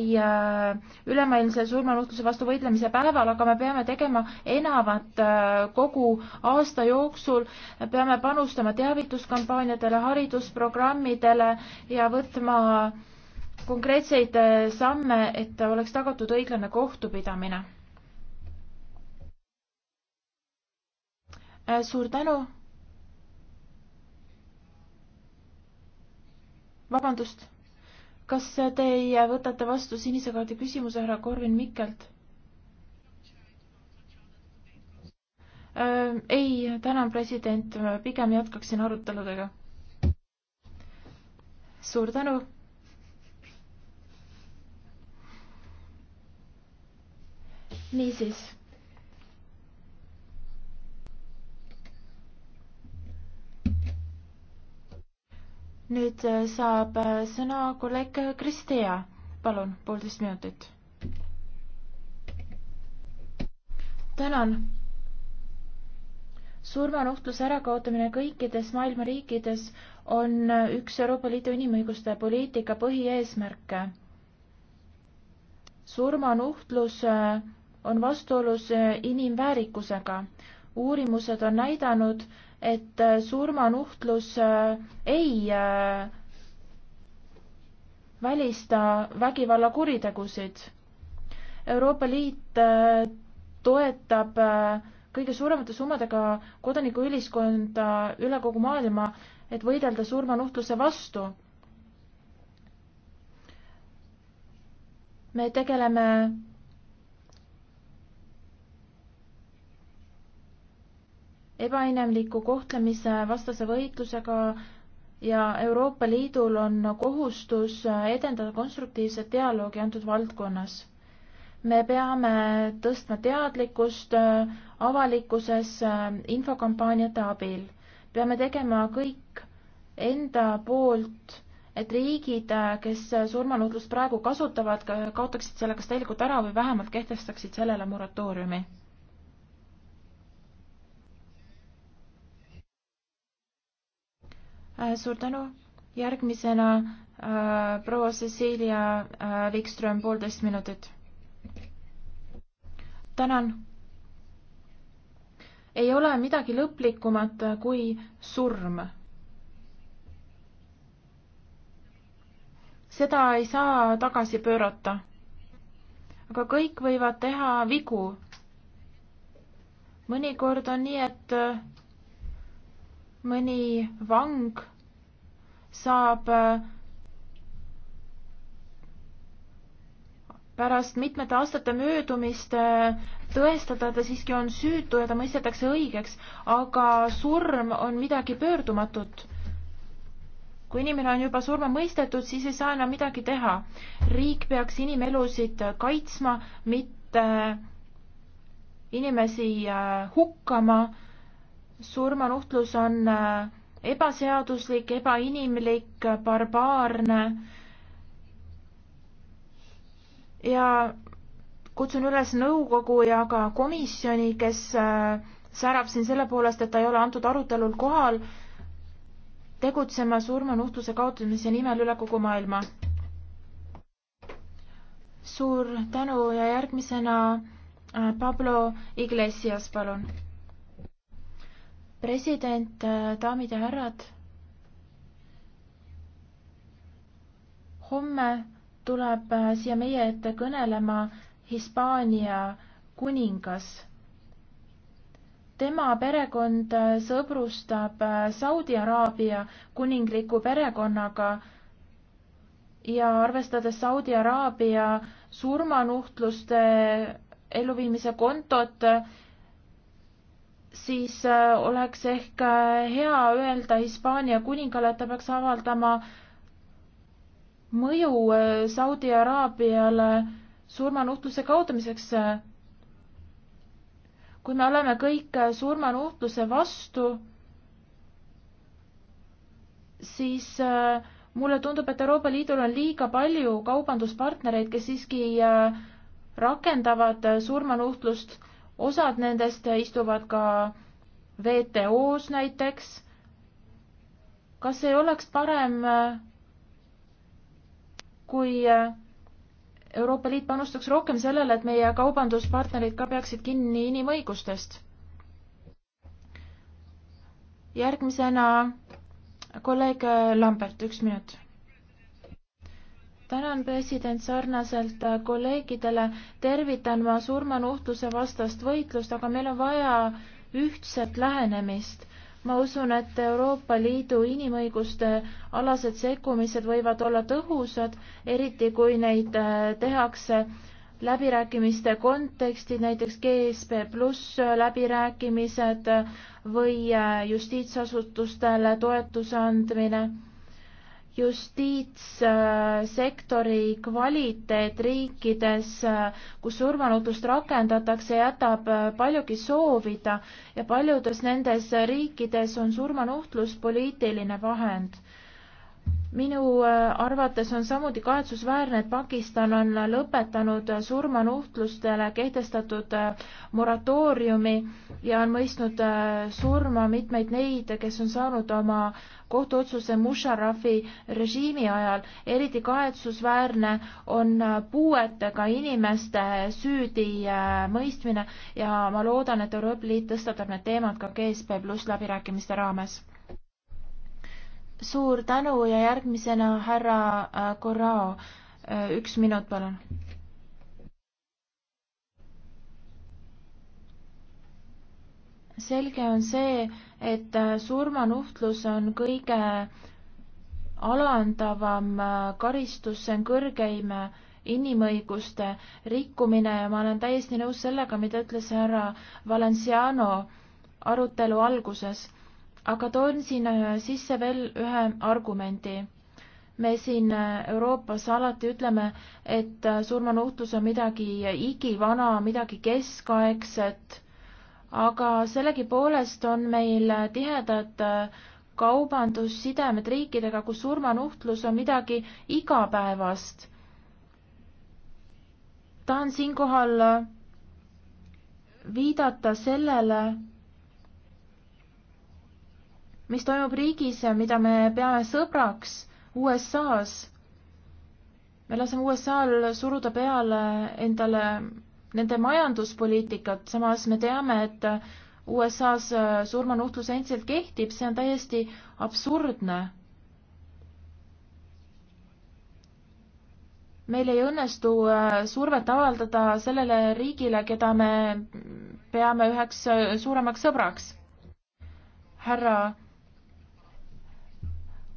ülemaailmsel surmanuhtluse vastu võitlemise päeval, aga me peame tegema enamat kogu aasta jooksul, peame panustama teavituskampaaniatele, haridusprogrammidele ja võtma konkreetseid äh, samme, et oleks tagatud õiglane kohtupidamine? Äh, suur tänu. vabandust, kas teie võtate vastu sinise kaardi küsimuse härra Korvin Mikkelt? Äh, ei, tänan, president, pigem jätkaksin aruteludega. suur tänu niisiis. nüüd äh, saab äh, sõna kolleeg Kristea, palun, poolteist minutit. tänan surmanuhtluse ärakaotamine kõikides maailma riikides on äh, üks Euroopa Liidu inimõiguste poliitika põhieesmärke. surmanuhtluse on vastuolus eh, inimväärikusega. uurimused on näidanud, et eh, surmanuhtlus eh, ei välista vägivallakuritegusid. Euroopa Liit toetab kõige suuremate summadega kodanikuühiskonda üle kogu maailma, et võidelda surmanuhtluse vastu. me tegeleme ebainimliku kohtlemise vastase võitlusega ja Euroopa Liidul on kohustus edendada konstruktiivset dialoogi antud valdkonnas. me peame tõstma teadlikkust äh, avalikkuses äh, infokampaaniate abil. peame tegema kõik enda poolt, et riigid, äh, kes surmanuhtlust praegu kasutavad, kaotaksid selle kas täielikult ära või vähemalt kehtestaksid sellele moratooriumi Äh, suur tänu, järgmisena äh, proua Cecilia äh, Wikström, poolteist minutit. tänan. ei ole midagi lõplikumat kui surm. seda ei saa tagasi pöörata. aga kõik võivad teha vigu. mõnikord on nii, et äh, mõni vang saab äh, pärast mitmete aastate möödumist äh, tõestada, ta siiski on süütu ja ta mõistetakse õigeks, aga surm on midagi pöördumatut. kui inimene on juba surma mõistetud, siis ei saa enam midagi teha. riik peaks inimelusid kaitsma, mitte äh, inimesi hukkama surmanuhtlus on äh, ebaseaduslik, ebainimlik, barbaarne. ja kutsun üles nõukogu ja ka komisjoni, kes äh, särab siin selle poolest, et ta ei ole antud arutelul kohal, tegutsema surmanuhtluse kaotamise nimel üle kogu maailma. suur tänu ja järgmisena äh, Pablo Iglesias, palun president, daamid ja härrad. homme tuleb äh, siia meie ette kõnelema Hispaania kuningas. tema perekond äh, sõbrustab äh, Saudi Araabia kuningliku perekonnaga ja arvestades Saudi Araabia surmanuhtluste elluviimise kontot, siis äh, oleks ehk äh, hea öelda Hispaania kuningale, et ta peaks avaldama mõju äh, Saudi Araabiale surmanuhtluse kaotamiseks. kui me oleme kõik surmanuhtluse vastu, siis mulle tundub, et Euroopa Liidul on liiga palju kaubanduspartnereid, kes siiski rakendavad surmanuhtlust osad nendest istuvad ka WTO-s näiteks. kas ei oleks parem, kui Euroopa Liit panustaks rohkem sellele, et meie kaubanduspartnerid ka peaksid kinni inimõigustest? järgmisena kolleeg Lambert, üks minut tänan, president, sarnaselt äh, kolleegidele tervitan ma surmanuhtluse vastast võitlust, aga meil on vaja ühtset lähenemist. ma usun, et Euroopa Liidu inimõiguste alased sekkumised võivad olla tõhusad, eriti kui neid äh, tehakse läbirääkimiste kontekstid, näiteks GSP pluss läbirääkimised või äh, justiitsasutustele toetuse andmine justiitssektori kvaliteet riikides, kus surmanutust rakendatakse, jätab paljugi soovida ja paljudes nendes riikides on surmanuhtlus poliitiline vahend minu äh, arvates on samuti kahetsusväärne, et Pakistan on lõpetanud surmanuhtlustele kehtestatud äh, moratooriumi ja on mõistnud äh, surma mitmeid neid, kes on saanud oma kohtuotsuse Musharafi režiimi ajal. eriti kahetsusväärne on puuetega inimeste süüdi mõistmine ja ma loodan, et Euroopa Liit tõstatab need teemad ka GSP pluss läbirääkimiste raames suur tänu ja järgmisena härra äh, Corrao, äh, üks minut, palun. selge on see, et äh, surmanuhtlus on kõige alandavam karistus, see on kõrgeim inimõiguste rikkumine ja ma olen täiesti nõus sellega, mida ütles härra Valenciano arutelu alguses aga toon siin äh, sisse veel ühe argumendi. me siin äh, Euroopas alati ütleme, et äh, surmanuhtlus on midagi igivana, midagi keskaegset, aga sellegipoolest on meil tihedad kaubandussidemed riikidega, kus surmanuhtlus on midagi igapäevast. tahan siinkohal viidata sellele, mis toimub riigis, mida me peame sõbraks USA-s. me laseme USA-l suruda peale endale nende majanduspoliitikat, samas me teame, et USA-s surmanuhtlus endiselt kehtib, see on täiesti absurdne. meil ei õnnestu äh, survet avaldada sellele riigile, keda me peame üheks suuremaks sõbraks. härra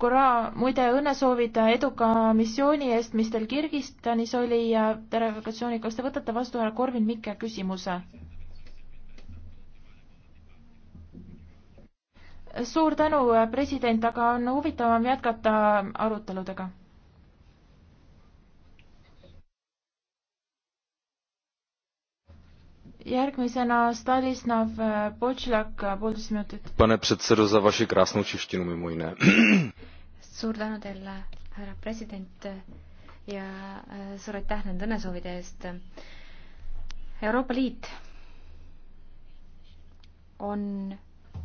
Kura, muide õnne soovida eduka missiooni eest, mis teil Kirgistanis oli ja delegatsiooni, kas te võtate vastu härra Korvin Mikke küsimuse? suur tänu, president, aga on huvitavam jätkata aruteludega Järgmisena Stanislav Počlak, poolteist minutit. pane předsedo za vaši krásnou češtinu mimo jiné suur tänu teile, härra president ja äh, suur aitäh nende õnnesoovide eest. Euroopa Liit on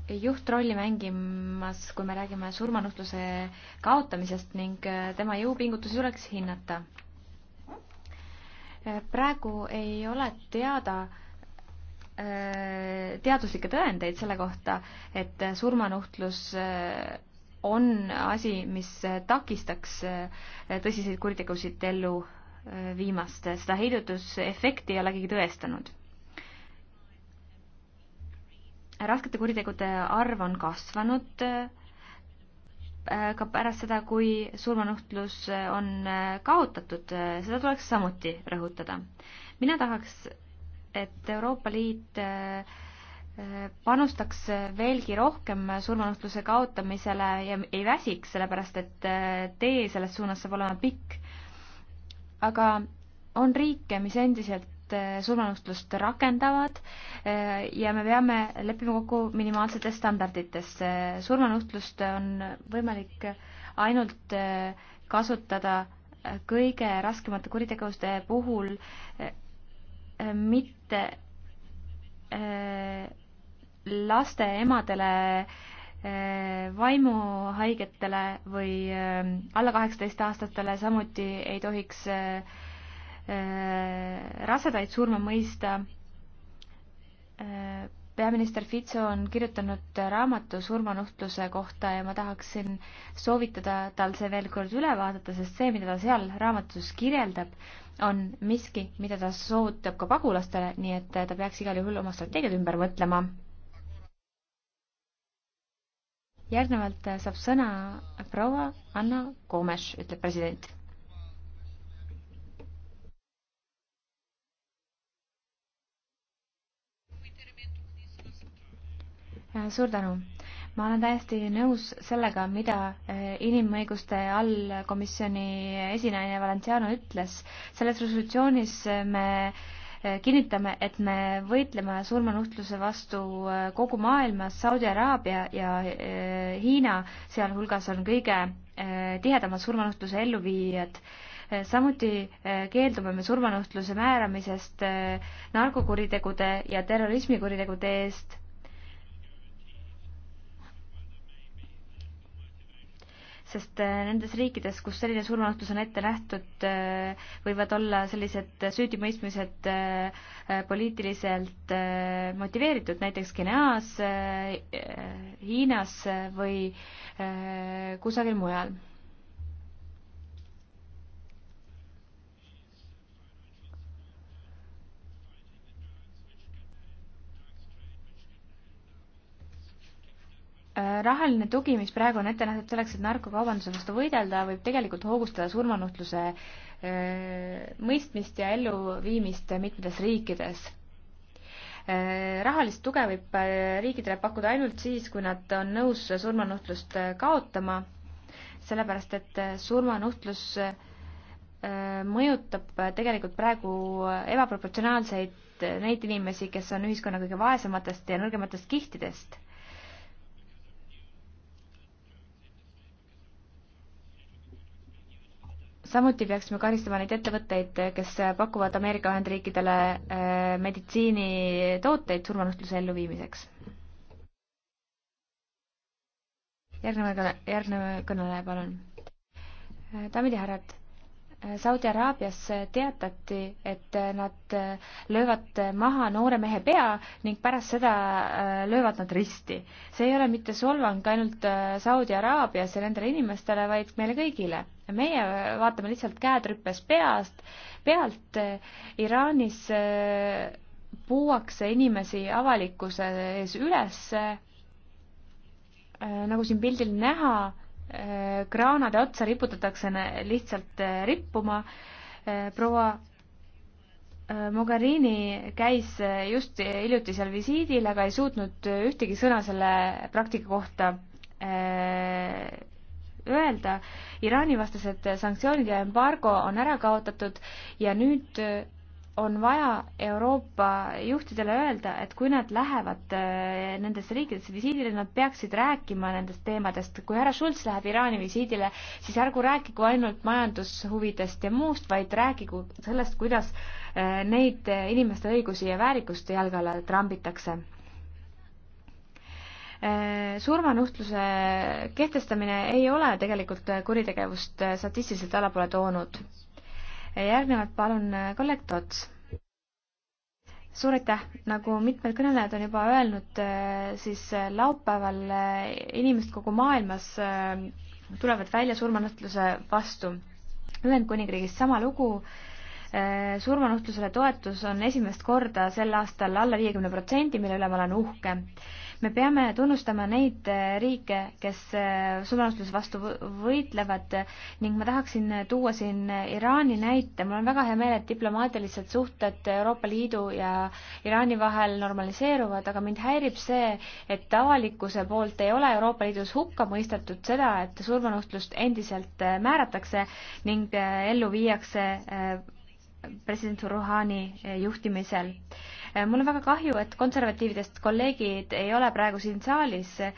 juhtrolli mängimas, kui me räägime surmanuhtluse kaotamisest ning äh, tema jõupingutusi tuleks hinnata. Äh, praegu ei ole teada teaduslikke tõendeid selle kohta, et surmanuhtlus on asi, mis takistaks tõsiseid kuritegusid ellu äh, viimast. seda heidutusefekti ei olegi tõestanud. raskete kuritegude arv on kasvanud äh, ka pärast seda, kui surmanuhtlus on äh, kaotatud, seda tuleks samuti rõhutada. mina tahaks, et Euroopa Liit äh, panustaks veelgi rohkem surmanuhtluse kaotamisele ja ei väsiks, sellepärast et äh, tee selles suunas saab olema pikk. aga on riike, mis endiselt äh, surmanuhtlust rakendavad äh, ja me peame leppima kokku minimaalsetes standardites. surmanuhtlust on võimalik ainult kasutada kõige raskemate kuritegevuste puhul mitte laste emadele, eh, vaimuhaigetele või eh, alla kaheksateist aastatele samuti ei tohiks eh, rasedaid surma mõista. peaminister Fitso on kirjutanud raamatu surmanuhtluse kohta ja ma tahaksin soovitada tal see veel kord üle vaadata, sest see, mida ta seal raamatus kirjeldab, on miski, mida ta soovitab ka pagulastele, nii et ta peaks igal juhul oma strateegiad ümber mõtlema järgnevalt äh, saab sõna proua Anna Komes, ütleb president. Äh, suur tänu ma olen täiesti nõus sellega, mida äh, inimõiguste allkomisjoni esinaine Valenciano ütles. selles resolutsioonis me kinnitame, et me võitleme surmanuhtluse vastu äh, kogu maailmas, Saudi Araabia ja äh, Hiina sealhulgas on kõige äh, tihedamad surmanuhtluse elluviijad samuti keeldume me surmanuhtluse määramisest narkokuritegude ja terrorismikuritegude eest sest äh, nendes riikides, kus selline surmanuhtlus on ette nähtud, äh, võivad olla sellised süüdimõistmised äh, poliitiliselt motiveeritud, näiteks Guineas, Hiinas või kusagil mujal Äh, rahaline tugi, mis praegu on ette nähtud selleks, et narkokaubanduse vastu võidelda, võib tegelikult hoogustada surmanuhtluse äh, mõistmist ja elluviimist mitmetes riikides. Äh, rahalist tuge võib riikidele pakkuda ainult siis, kui nad on nõus surmanuhtlust kaotama, sellepärast et surmanuhtlus mõjutab tegelikult praegu ebaproportsionaalseid neid inimesi, kes on ühiskonna kõige vaesematest ja nõrgematest kihtidest samuti peaksime karistama neid ettevõtteid, kes pakuvad Ameerika Ühendriikidele äh, meditsiinitooteid surmanuhtluse elluviimiseks. järgneva kõne, järgneva kõneleja, palun. Äh, daamid ja härrad, äh, Saudi Araabias teatati, et nad löövad maha noore mehe pea ning pärast seda löövad nad risti. see ei ole mitte solvang ainult Saudi Araabias ja nendele inimestele, vaid meile kõigile meie vaatame lihtsalt käed rüppes peast, pealt eh, Iraanis eh, puuakse inimesi avalikkuse ees üles, eh, nagu siin pildil näha, kraanade otsa riputatakse lihtsalt rippuma, proua Mogherini käis just hiljuti seal visiidil, aga ei suutnud ühtegi sõna selle praktika kohta öelda. Iraani vastased sanktsioonid ja embargo on ära kaotatud ja nüüd äh, on vaja Euroopa juhtidele öelda, et kui nad lähevad äh, nendesse riikidesse visiidile, nad peaksid rääkima nendest teemadest. kui härra Schulz läheb Iraani visiidile, siis ärgu rääkigu ainult majandushuvidest ja muust, vaid rääkigu sellest, kuidas äh, neid inimeste õigusi ja väärikust jalge alla trambitakse Äh, surmanuhtluse kehtestamine ei ole tegelikult kuritegevust statistiliselt allapoole toonud. järgnevalt palun äh, kolleeg Tots. suur aitäh, nagu mitmed kõnelejad on juba öelnud, äh, siis laupäeval inimesed kogu maailmas tulevad välja surmanuhtluse vastu. Ühendkuningriigis sama lugu surmanuhtlusele toetus on esimest korda sel aastal alla viiekümne protsendi, mille üle ma olen uhke me peame tunnustama neid eh, riike, kes eh, sulanustuse vastu võitlevad ning ma tahaksin tuua siin Iraani näite. mul on väga hea meel, et diplomaatilised suhted Euroopa Liidu ja Iraani vahel normaliseeruvad, aga mind häirib see, et avalikkuse poolt ei ole Euroopa Liidus hukka mõistetud seda, et surmanuhtlust endiselt eh, määratakse ning ellu viiakse president Rouhani eh, juhtimisel. Eh, mul on väga kahju, et konservatiividest kolleegid ei ole praegu siin saalis. Eh,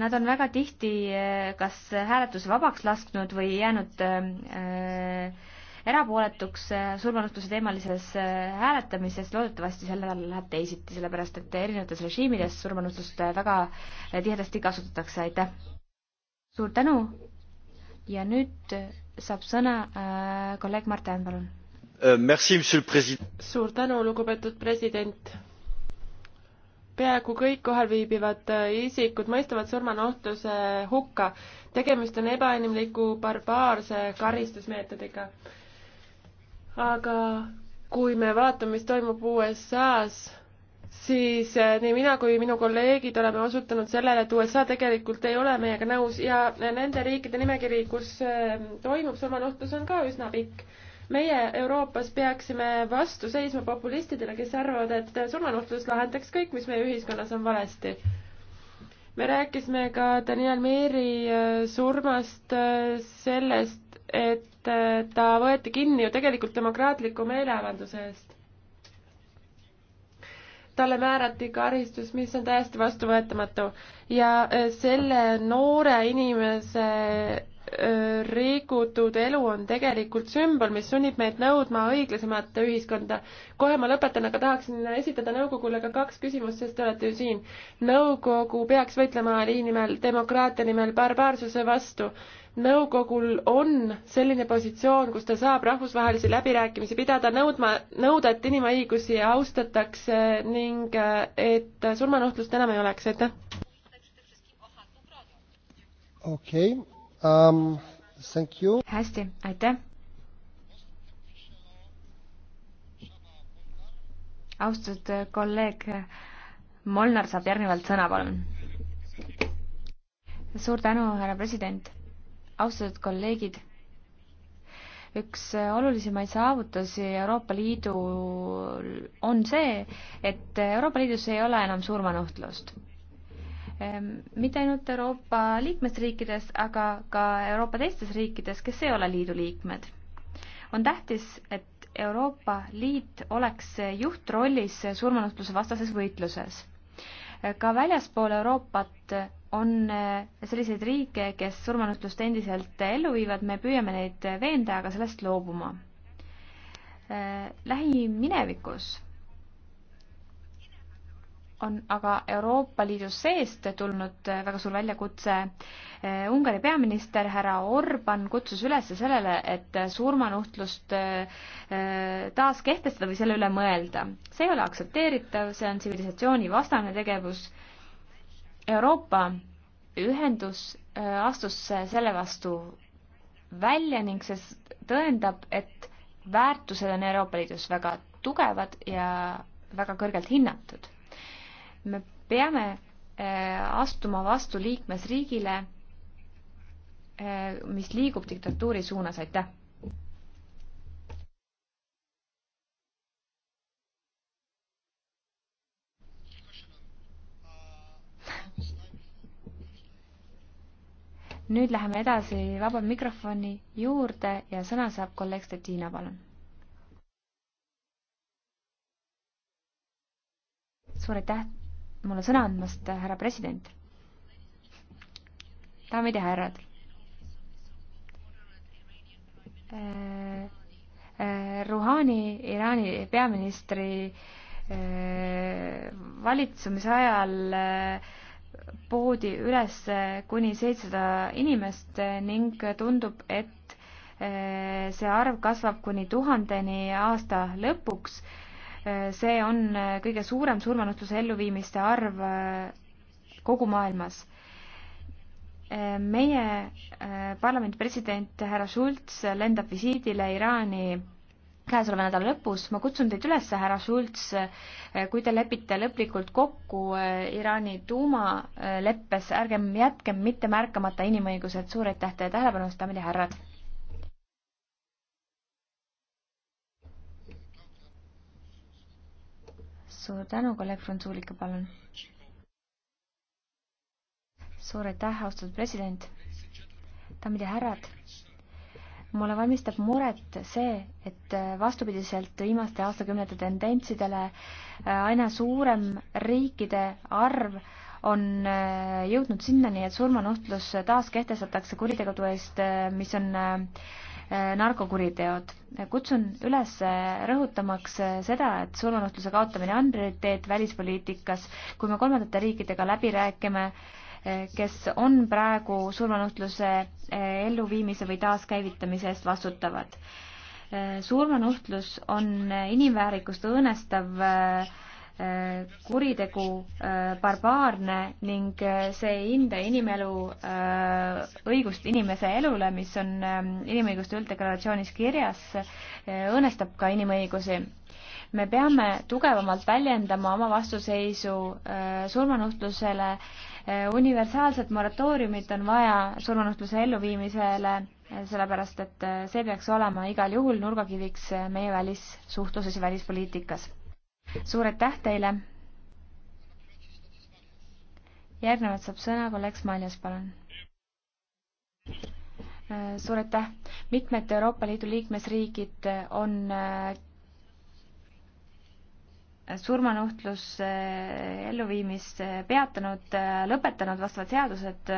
nad on väga tihti kas hääletuse vabaks lasknud või jäänud erapooletuks surmanutuse teemalises hääletamises, loodetavasti sel nädalal läheb teisiti, sellepärast et erinevates režiimides surmanutust väga tihedasti kasutatakse, aitäh! suur tänu ja nüüd saab sõna äh, kolleeg Mart Äänpalun Euh, suur tänu, lugupeetud president peaaegu kõik kohalviibivad äh, isikud mõistavad surmanohtuse hukka. tegemist on ebainimliku barbaarse karistusmeetodiga. aga kui me vaatame, mis toimub USA-s, siis äh, nii mina kui minu kolleegid oleme osutanud sellele, et USA tegelikult ei ole meiega nõus ja äh, nende riikide nimekiri, kus toimub surmanohtus, on ka üsna pikk meie Euroopas peaksime vastu seisma populistidele, kes arvavad, et surmanuhtlus lahendaks kõik, mis meie ühiskonnas on valesti. me rääkisime ka Daniel Meeri äh, surmast, äh, sellest, et äh, ta võeti kinni ju tegelikult demokraatliku meeleavalduse eest. talle määrati karistus, mis on täiesti vastuvõetamatu ja selle noore inimese rikutud elu on tegelikult sümbol, mis sunnib meid nõudma õiglasemat ühiskonda. kohe ma lõpetan, aga tahaksin esitada nõukogule ka kaks küsimust, sest te olete ju siin. nõukogu peaks võitlema Ali nimel, demokraatia nimel, barbaarsuse vastu. nõukogul on selline positsioon, kus ta saab rahvusvahelisi läbirääkimisi pidada, nõudma, nõuda, et inimõigusi austatakse ning äh, et surmanuhtlust enam ei oleks, aitäh. okei okay um,. hästi, aitäh. austatud kolleeg Molnar saab järgnevalt sõna, palun. suur tänu, härra president. austatud kolleegid üks olulisemaid saavutusi Euroopa Liidul on see, et Euroopa Liidus ei ole enam surmanuhtlust Ehm, mitte ainult Euroopa liikmesriikides, aga ka Euroopa teistes riikides, kes ei ole liidu liikmed. on tähtis, et Euroopa Liit oleks juhtrollis surmanuhtluse vastases võitluses. ka väljaspool Euroopat on eh, selliseid riike, kes surmanuhtlust endiselt ellu viivad, me püüame neid veenda, aga sellest loobuma. Eh, lähiminevikus on aga Euroopa Liidu seest tulnud eh, väga suur väljakutse. Eh, Ungari peaminister härra Orban kutsus üles sellele, et surmanuhtlust eh, taas kehtestada või selle üle mõelda. see ei ole aktsepteeritav, see on tsivilisatsiooni vastane tegevus. Euroopa ühendus astus selle vastu välja ning see tõendab, et väärtused on Euroopa Liidus väga tugevad ja väga kõrgelt hinnatud me peame äh, astuma vastu liikmesriigile, äh, mis liigub diktatuuri suunas, aitäh! nüüd läheme edasi vaba mikrofoni juurde ja sõna saab kolleeg Stettina, palun. suur aitäh, mulle sõna andmast, härra president. daamid ja härrad äh,. Äh, Rouhani, Iraani peaministri äh, valitsemise ajal äh, poodi üles kuni seitsesada inimest ning tundub, et äh, see arv kasvab kuni tuhandeni aasta lõpuks see on äh, kõige suurem surmanutluse elluviimiste arv äh, kogu maailmas. Äh, meie parlamendi president härra Schulz lendab visiidile Iraani käesoleva nädala lõpus, ma kutsun teid üles, härra Schulz, kui te lepite lõplikult kokku Iraani tuumaleppes, ärgem jätkem mitte märkamata inimõigused, suur aitäh teile tähelepanu eest, daamid ja härrad! suur tänu, kolleeg Frunzulika, palun. suur aitäh, austatud president. daamid ja härrad mulle valmistab muret see, et vastupidiselt viimaste aastakümnete tendentsidele äh, aina suurem riikide arv on äh, jõudnud sinnani, et surmanuhtlus taas kehtestatakse kuritegude eest, äh, mis on Äh, narkokuriteod. kutsun üles äh, rõhutamaks äh, seda, et surmanuhtluse kaotamine on prioriteet välispoliitikas, kui me kolmandate riikidega läbi räägime, kes on praegu surmanuhtluse elluviimise või taaskäivitamise eest vastutavad. surmanuhtlus on inimväärikust õõnestav kuritegu äh, barbaarne ning äh, see ei hinda inimelu äh, õigust inimese elule, mis on ähm, inimõiguste ülddeklaratsioonis kirjas, õõnestab ka inimõigusi. me peame tugevamalt väljendama oma vastuseisu surmanuhtlusele, universaalset moratooriumit on vaja surmanuhtluse elluviimisele, sellepärast et see peaks olema igal juhul nurgakiviks meie välissuhtluses ja välispoliitikas suur aitäh teile. järgnevalt saab sõna kolleeg Smaljas, palun. suur aitäh. mitmed Euroopa Liidu liikmesriigid on äh, surmanuhtlus äh, elluviimist äh, peatanud, lõpetanud vastavad seadused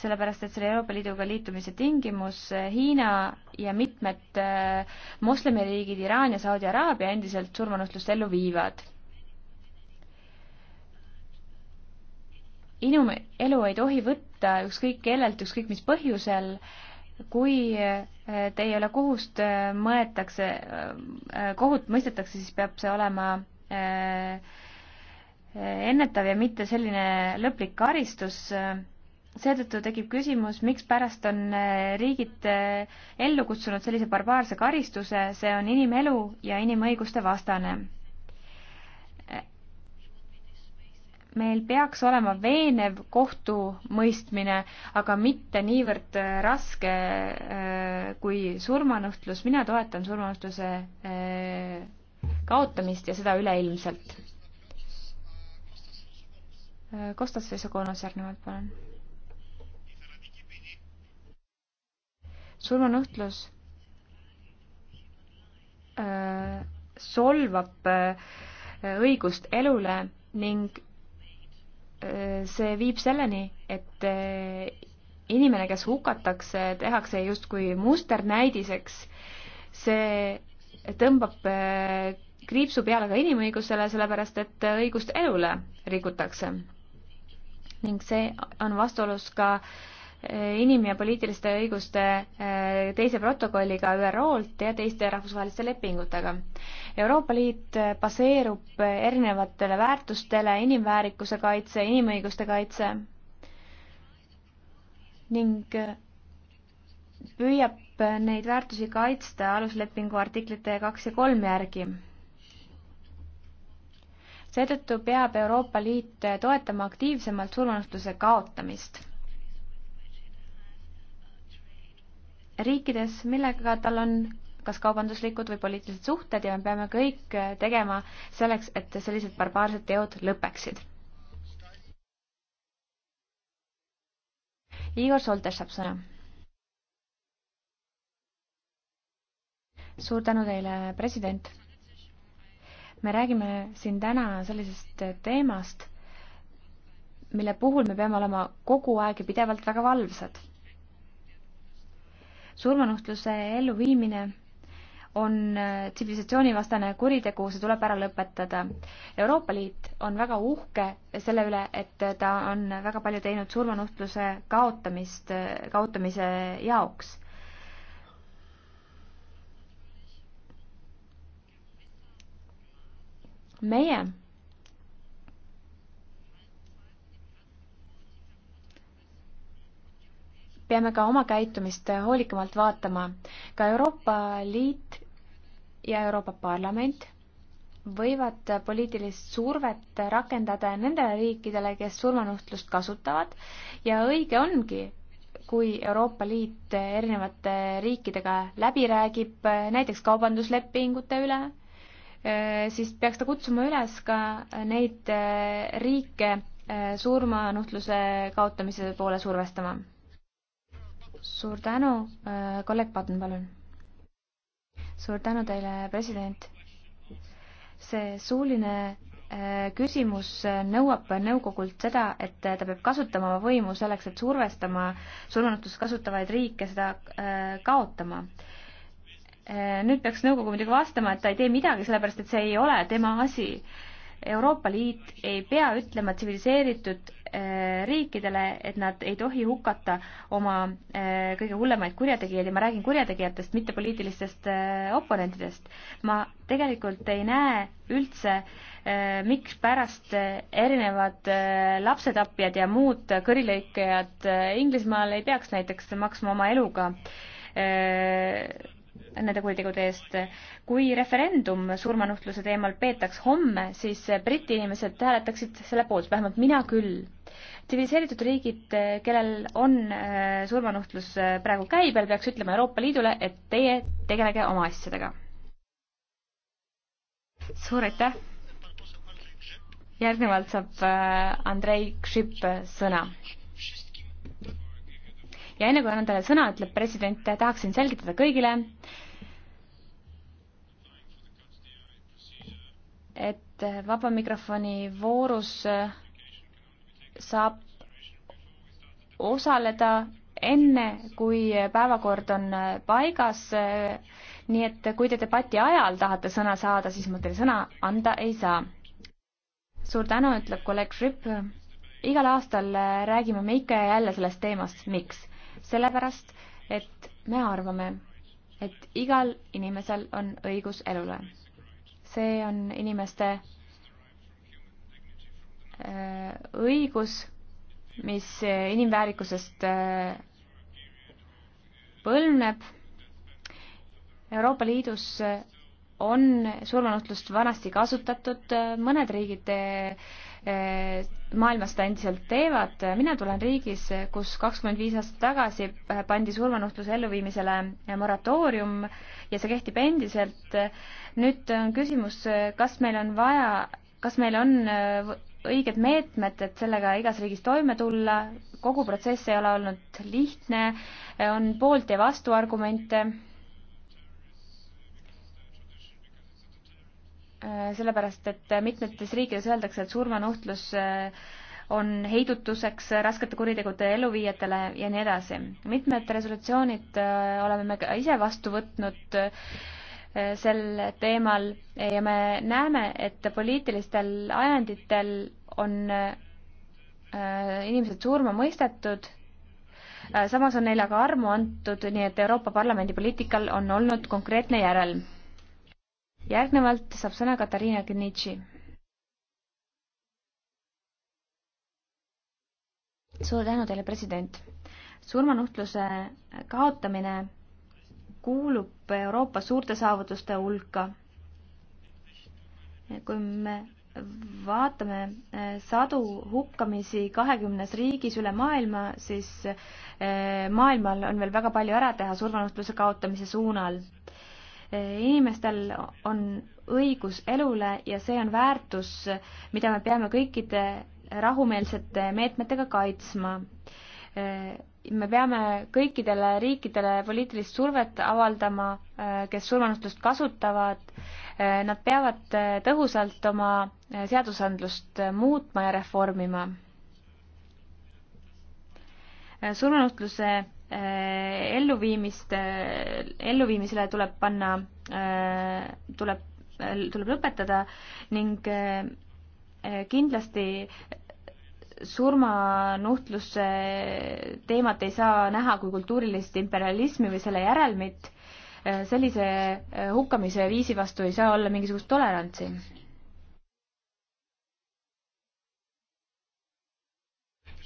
sellepärast et selle Euroopa Liiduga liitumise tingimus Hiina ja mitmed äh, moslemiriigid, Iraan ja Saudi Araabia endiselt surmanuhtlust ellu viivad. inimelu ei tohi võtta ükskõik kellelt, ükskõik mis põhjusel, kui äh, teie üle kohust äh, mõetakse, kohut mõistetakse, siis peab see olema ennetav ja mitte selline lõplik karistus seetõttu tekib küsimus, mikspärast on äh, riigid äh, ellu kutsunud sellise barbaarse karistuse, see on inimelu ja inimõiguste vastane. meil peaks olema veenev kohtumõistmine, aga mitte niivõrd äh, raske kui surmanuhtlus, mina toetan surmanuhtluse kaotamist ja seda üleilmselt. Kostas Vesokonos järgnevalt, palun surmanuhtlus äh, solvab äh, õigust elule ning äh, see viib selleni, et inimene, kes hukatakse, tehakse justkui musternäidiseks, see tõmbab kriipsu peale ka inimõigusele, sellepärast et õigust elule rikutakse. ning see on vastuolus ka äh, inim- ja poliitiliste õiguste eh, teise protokolliga ÜRO-lt ja teiste rahvusvaheliste lepingutega. Euroopa Liit baseerub erinevatele väärtustele, inimväärikuse kaitse, inimõiguste kaitse ning eh, püüab neid väärtusi kaitsta aluslepingu artiklite kaks ja kolm järgi seetõttu peab Euroopa Liit toetama aktiivsemalt surmanustuse kaotamist riikides, millega tal on kas kaubanduslikud või poliitilised suhted ja me peame kõik äh, tegema selleks, et sellised barbaarsed teod lõpeksid. Igor Soltes saab sõna. suur tänu teile, president. me räägime siin täna sellisest äh, teemast, mille puhul me peame olema kogu aeg ja pidevalt väga valvsad surmanuhtluse elluviimine on äh, tsivilisatsioonivastane kuritegu, see tuleb ära lõpetada. Euroopa Liit on väga uhke selle üle, et ta on väga palju teinud surmanuhtluse kaotamist, äh, kaotamise jaoks. meie peame ka oma käitumist hoolikamalt vaatama. ka Euroopa Liit ja Euroopa Parlament võivad poliitilist survet rakendada nendele riikidele, kes surmanuhtlust kasutavad ja õige ongi, kui Euroopa Liit erinevate riikidega läbi räägib näiteks kaubanduslepingute üle, siis peaks ta kutsuma üles ka neid riike surmanuhtluse kaotamise poole survestama suur tänu, äh, kolleeg Padden, palun. suur tänu teile, president. see suuline äh, küsimus nõuab nõukogult seda, et ta peab kasutama oma võimu selleks, et survestama surnutust kasutavaid riike seda äh, kaotama. nüüd peaks nõukogu muidugi vastama, et ta ei tee midagi, sellepärast et see ei ole tema asi. Euroopa Liit ei pea ütlema tsiviliseeritud Eh, riikidele, et nad ei tohi hukata oma eh, kõige hullemaid kurjategijaid ja ma räägin kurjategijatest, mitte poliitilistest eh, oponentidest. ma tegelikult ei näe üldse, mikspärast erinevad lapsetapjad ja muud kõrilõikajad Inglismaal ei peaks näiteks maksma oma eluga nende kuritegude eest. kui referendum surmanuhtluse teemal peetaks homme, siis Briti inimesed hääletaksid selle poolt, vähemalt mina küll. tsiviliseeritud riigid, kellel on äh, surmanuhtlus äh, praegu käibel, peaks ütlema Euroopa Liidule, et teie tegelege oma asjadega. suur aitäh! järgnevalt saab äh, Andrei Kšip sõna ja enne kui annan talle sõna, ütleb president, tahaksin selgitada kõigile, et vaba mikrofoni voorus äh, saab osaleda enne, kui päevakord on äh, paigas. Äh, nii et kui te debati ajal tahate sõna saada, siis ma teile sõna anda ei saa. suur tänu, ütleb kolleeg Fripp. igal aastal räägime me ikka ja jälle sellest teemast, miks? sellepärast et me arvame, et igal inimesel on õigus elule. see on inimeste äh, õigus, mis inimväärikusest äh, põlvneb. Euroopa Liidus äh, on surmanuhtlust vanasti kasutatud, mõned riigid maailmas seda endiselt teevad. mina tulen riigis, kus kakskümmend viis aastat tagasi pandi surmanuhtluse elluviimisele moratoorium ja see kehtib endiselt. nüüd on küsimus, kas meil on vaja, kas meil on äh, õiged meetmed, et sellega igas riigis toime tulla, kogu protsess ei ole olnud lihtne, on poolt- ja vastuargumente Äh, sellepärast et äh, mitmetes riikides öeldakse, et surmanuhtlus äh, on heidutuseks raskete kuritegude elluviijatele ja nii edasi. mitmed resolutsioonid oleme me ka ise vastu võtnud sel teemal ja me näeme, et poliitilistel ajenditel on inimesed surma mõistetud, samas on neile aga armu antud, nii et Euroopa Parlamendi poliitikal on olnud konkreetne järelm järgnevalt saab sõna Katariina Gnitši. suur tänu teile, president. surmanuhtluse kaotamine kuulub Euroopa suurte saavutuste hulka. kui me vaatame eh, sadu hukkamisi kahekümnes riigis üle maailma, siis eh, maailmal on veel väga palju ära teha surmanuhtluse kaotamise suunal inimestel on õigus elule ja see on väärtus, mida me peame kõikide rahumeelsete meetmetega kaitsma. me peame kõikidele riikidele poliitilist survet avaldama, kes surmanutust kasutavad. Nad peavad tõhusalt oma seadusandlust muutma ja reformima. surmanutluse Äh, elluviimist, äh, elluviimisele tuleb panna, äh, tuleb, tuleb lõpetada ning kindlasti surmanuhtluse teemat ei saa näha kui kultuurilist imperialismi või selle järelmit. sellise hukkamise viisi vastu ei saa olla mingisugust tolerantsi.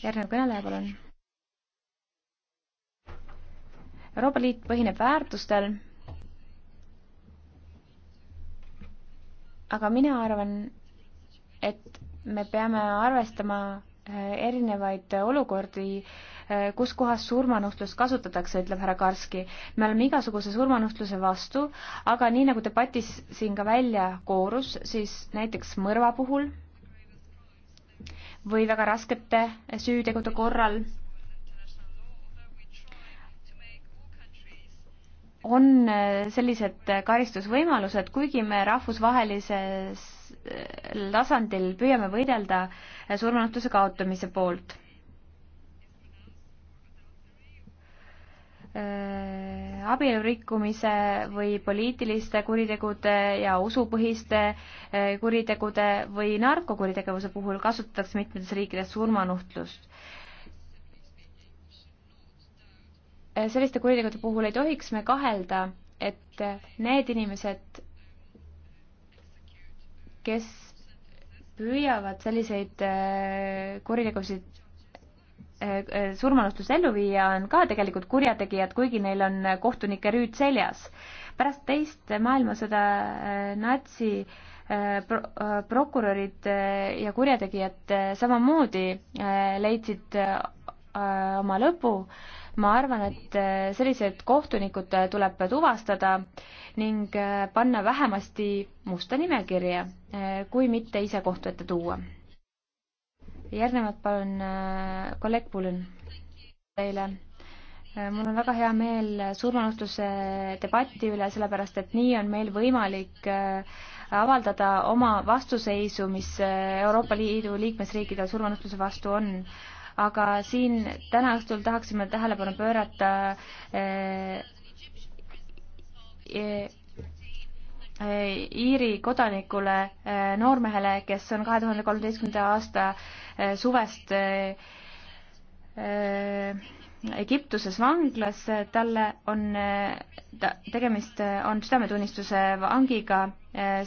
järgnev kõneleja, palun Euroopa Liit põhineb väärtustel, aga mina arvan, et me peame arvestama äh, erinevaid olukordi, äh, kus kohas surmanuhtlust kasutatakse, ütleb härra Karski. me oleme igasuguse surmanuhtluse vastu, aga nii nagu debatis siin ka välja koorus, siis näiteks mõrva puhul või väga raskete süütegude korral on äh, sellised karistusvõimalused, kuigi me rahvusvahelises äh, tasandil püüame võidelda äh, surmanuhtluse kaotamise poolt. abielu rikkumise või poliitiliste kuritegude ja usupõhiste kuritegude või narkokuritegevuse puhul kasutatakse mitmetes riikides surmanuhtlust Eh, selliste kuritegude puhul ei tohiks me kahelda, et eh, need inimesed, kes püüavad selliseid eh, kuritegusid surmanustust ellu viia, on ka tegelikult kurjategijad, kuigi neil on kohtunike rüüd seljas. pärast teist maailmasõda natsi pro prokurörid ja kurjategijad samamoodi leidsid oma lõpu ma arvan, et äh, sellised kohtunikud äh, tuleb tuvastada ning äh, panna vähemasti musta nimekirja, kui mitte ise kohtu ette tuua. järgnevalt palun kolleeg Pullen teile mul on väga hea meel surmanuhtluse debati üle, sellepärast et nii on meil võimalik avaldada oma vastuseisu, mis Euroopa Liidu liikmesriikidel surmanuhtluse vastu on aga siin täna õhtul tahaksime tähelepanu pöörata eh, eh, Iiri kodanikule eh, noormehele, kes on kahe tuhande kolmeteistkümnenda aasta suvest Egiptuses vanglas, talle on, ta, tegemist on südametunnistuse vangiga,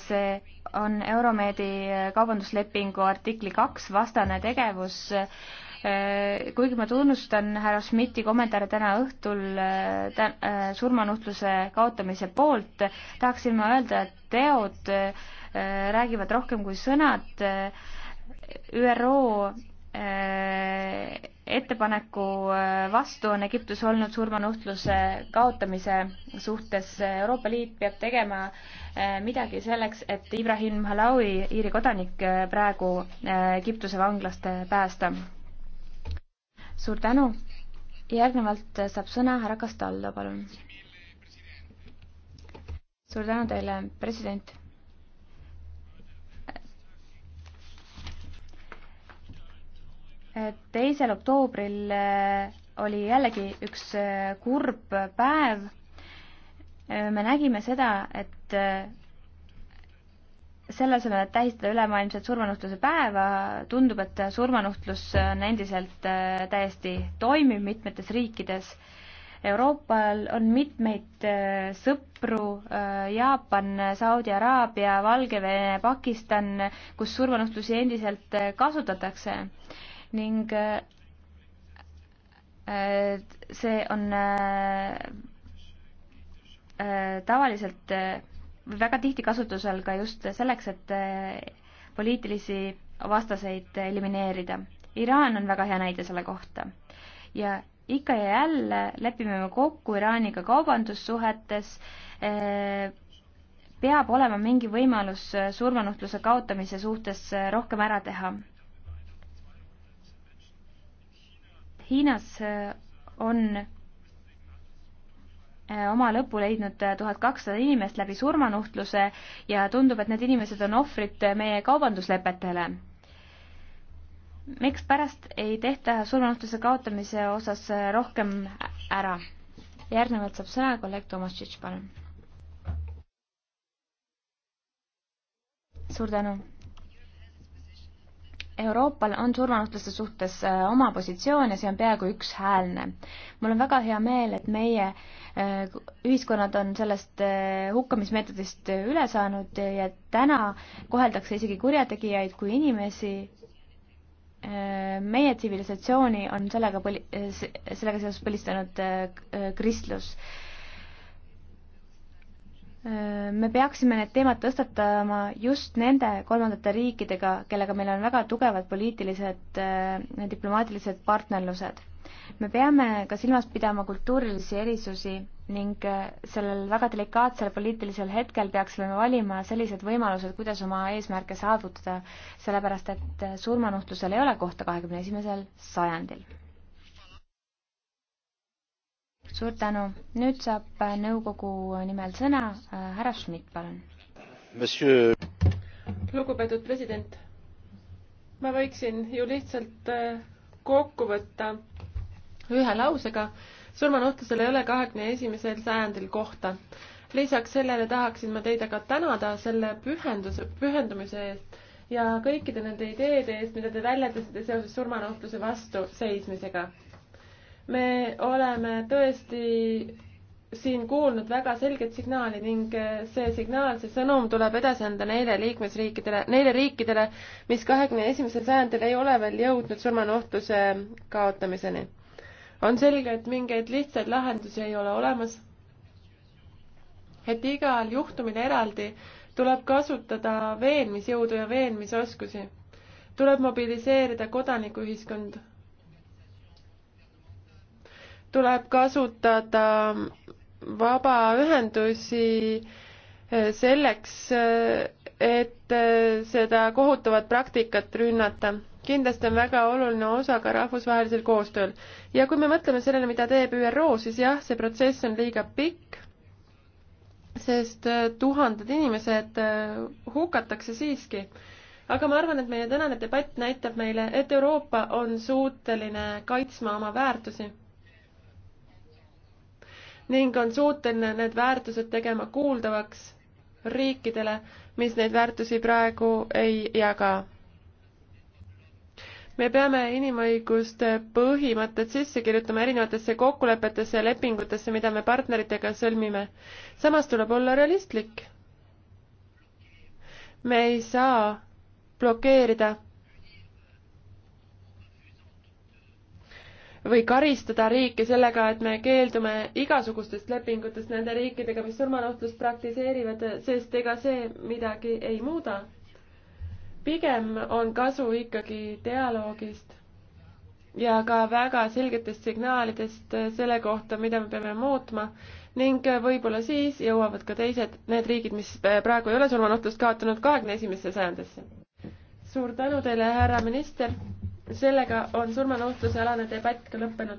see on Euromeedi kaubanduslepingu artikli kaks vastane tegevus Äh, kuigi ma tunnustan härra Schmidti kommentaare täna õhtul äh, tä äh, surmanuhtluse kaotamise poolt, tahaksin ma öelda, et teod räägivad rohkem kui sõnad. ÜRO ettepaneku vastu on Egiptus olnud surmanuhtluse kaotamise suhtes. Euroopa Liit peab tegema midagi selleks, et Ibrahim Halawi, Iiri kodanik, praegu Egiptuse vanglast päästa suur tänu. järgnevalt saab sõna härra Castaldo, palun. suur tänu teile, president. teisel oktoobril eh, oli jällegi üks eh, kurb päev. Eh, me nägime seda, et selle asemel, et tähistada ülemaailmset surmanuhtluse päeva, tundub, et surmanuhtlus on endiselt äh, täiesti toimiv mitmetes riikides. Euroopal on mitmeid äh, sõpru, äh, Jaapan, Saudi Araabia, Valgevene, Pakistan, kus surmanuhtlusi endiselt kasutatakse ning see on tavaliselt väga tihti kasutusel ka just selleks, et äh, poliitilisi vastaseid elimineerida. Iraan on väga hea näide selle kohta. ja ikka ja jälle lepime me kokku Iraaniga kaubandussuhetes, äh, peab olema mingi võimalus äh, surmanuhtluse kaotamise suhtes rohkem ära teha. Hiinas on Äh, oma lõpu leidnud äh, tuhat kakssada inimest läbi surmanuhtluse ja tundub, et need inimesed on ohvrid äh, meie kaubanduslepetele. mikspärast ei tehta surmanuhtluse kaotamise osas rohkem ära? järgnevalt saab sõna kolleeg Toomas Tšitš, palun. suur tänu Euroopal on surmanuhtluste suhtes äh, oma positsioon ja see on peaaegu ükshäälne. mul on väga hea meel, et meie äh, ühiskonnad on sellest äh, hukkamismeetodist üle saanud ja täna koheldakse isegi kurjategijaid kui inimesi. meie tsivilisatsiooni on sellega, sellega seoses põlistanud kristlus me peaksime need teemad tõstatama just nende kolmandate riikidega, kellega meil on väga tugevad poliitilised, äh, diplomaatilised partnerlused. me peame ka silmas pidama kultuurilisi erisusi ning äh, sellel väga delikaatsel poliitilisel hetkel peaksime valima sellised võimalused, kuidas oma eesmärke saavutada, sellepärast et äh, surmanuhtlusel ei ole kohta kahekümne esimesel sajandil suur tänu. nüüd saab äh, nõukogu nimel sõna äh, härra Schmidt, palun. lugupeetud president, ma võiksin ju lihtsalt äh, kokku võtta ühe lausega. surmanuhtlusel ei ole kahekümne esimesel sajandil kohta. lisaks sellele tahaksin ma teid aga tänada selle pühenduse, pühendumise eest ja kõikide nende ideede eest, mida te välja tõstsite seoses surmanuhtluse vastu seismisega me oleme tõesti siin kuulnud väga selget signaali ning äh, see signaal, see sõnum tuleb edasi anda neile liikmesriikidele, neile riikidele, mis kahekümne esimesel sajandil ei ole veel jõudnud surmanuhtluse kaotamiseni. on selge, et mingeid lihtsaid lahendusi ei ole olemas. et igal juhtumil eraldi tuleb kasutada veenmisjõudu ja veenmisoskusi. tuleb mobiliseerida kodanikuühiskond tuleb kasutada vabaühendusi eh, selleks, eh, et eh, seda kohutavat praktikat rünnata. kindlasti on väga oluline osa ka rahvusvahelisel koostööl. ja kui me mõtleme sellele, mida teeb ÜRO, siis jah, see protsess on liiga pikk, sest tuhanded inimesed hukatakse siiski. aga ma arvan, et meie tänane debatt näitab meile, et Euroopa on suuteline kaitsma oma väärtusi ning on suuteline need väärtused tegema kuuldavaks riikidele, mis neid väärtusi praegu ei jaga. me peame inimõiguste põhimõtted sisse kirjutama erinevatesse kokkulepetesse ja lepingutesse, mida me partneritega sõlmime. samas tuleb olla realistlik. me ei saa blokeerida või karistada riike sellega, et me keeldume igasugustest lepingutest nende riikidega, mis surmanuhtlust praktiseerivad, sest ega see midagi ei muuda. pigem on kasu ikkagi dialoogist ja ka väga selgetest signaalidest selle kohta, mida me peame muutma ning võib-olla siis jõuavad ka teised, need riigid, mis praegu ei ole surmanuhtlust kaotanud, kahekümne esimesse sajandisse. suur tänu teile, härra minister! sellega on surmanuhtluse alane debatt ka lõppenud.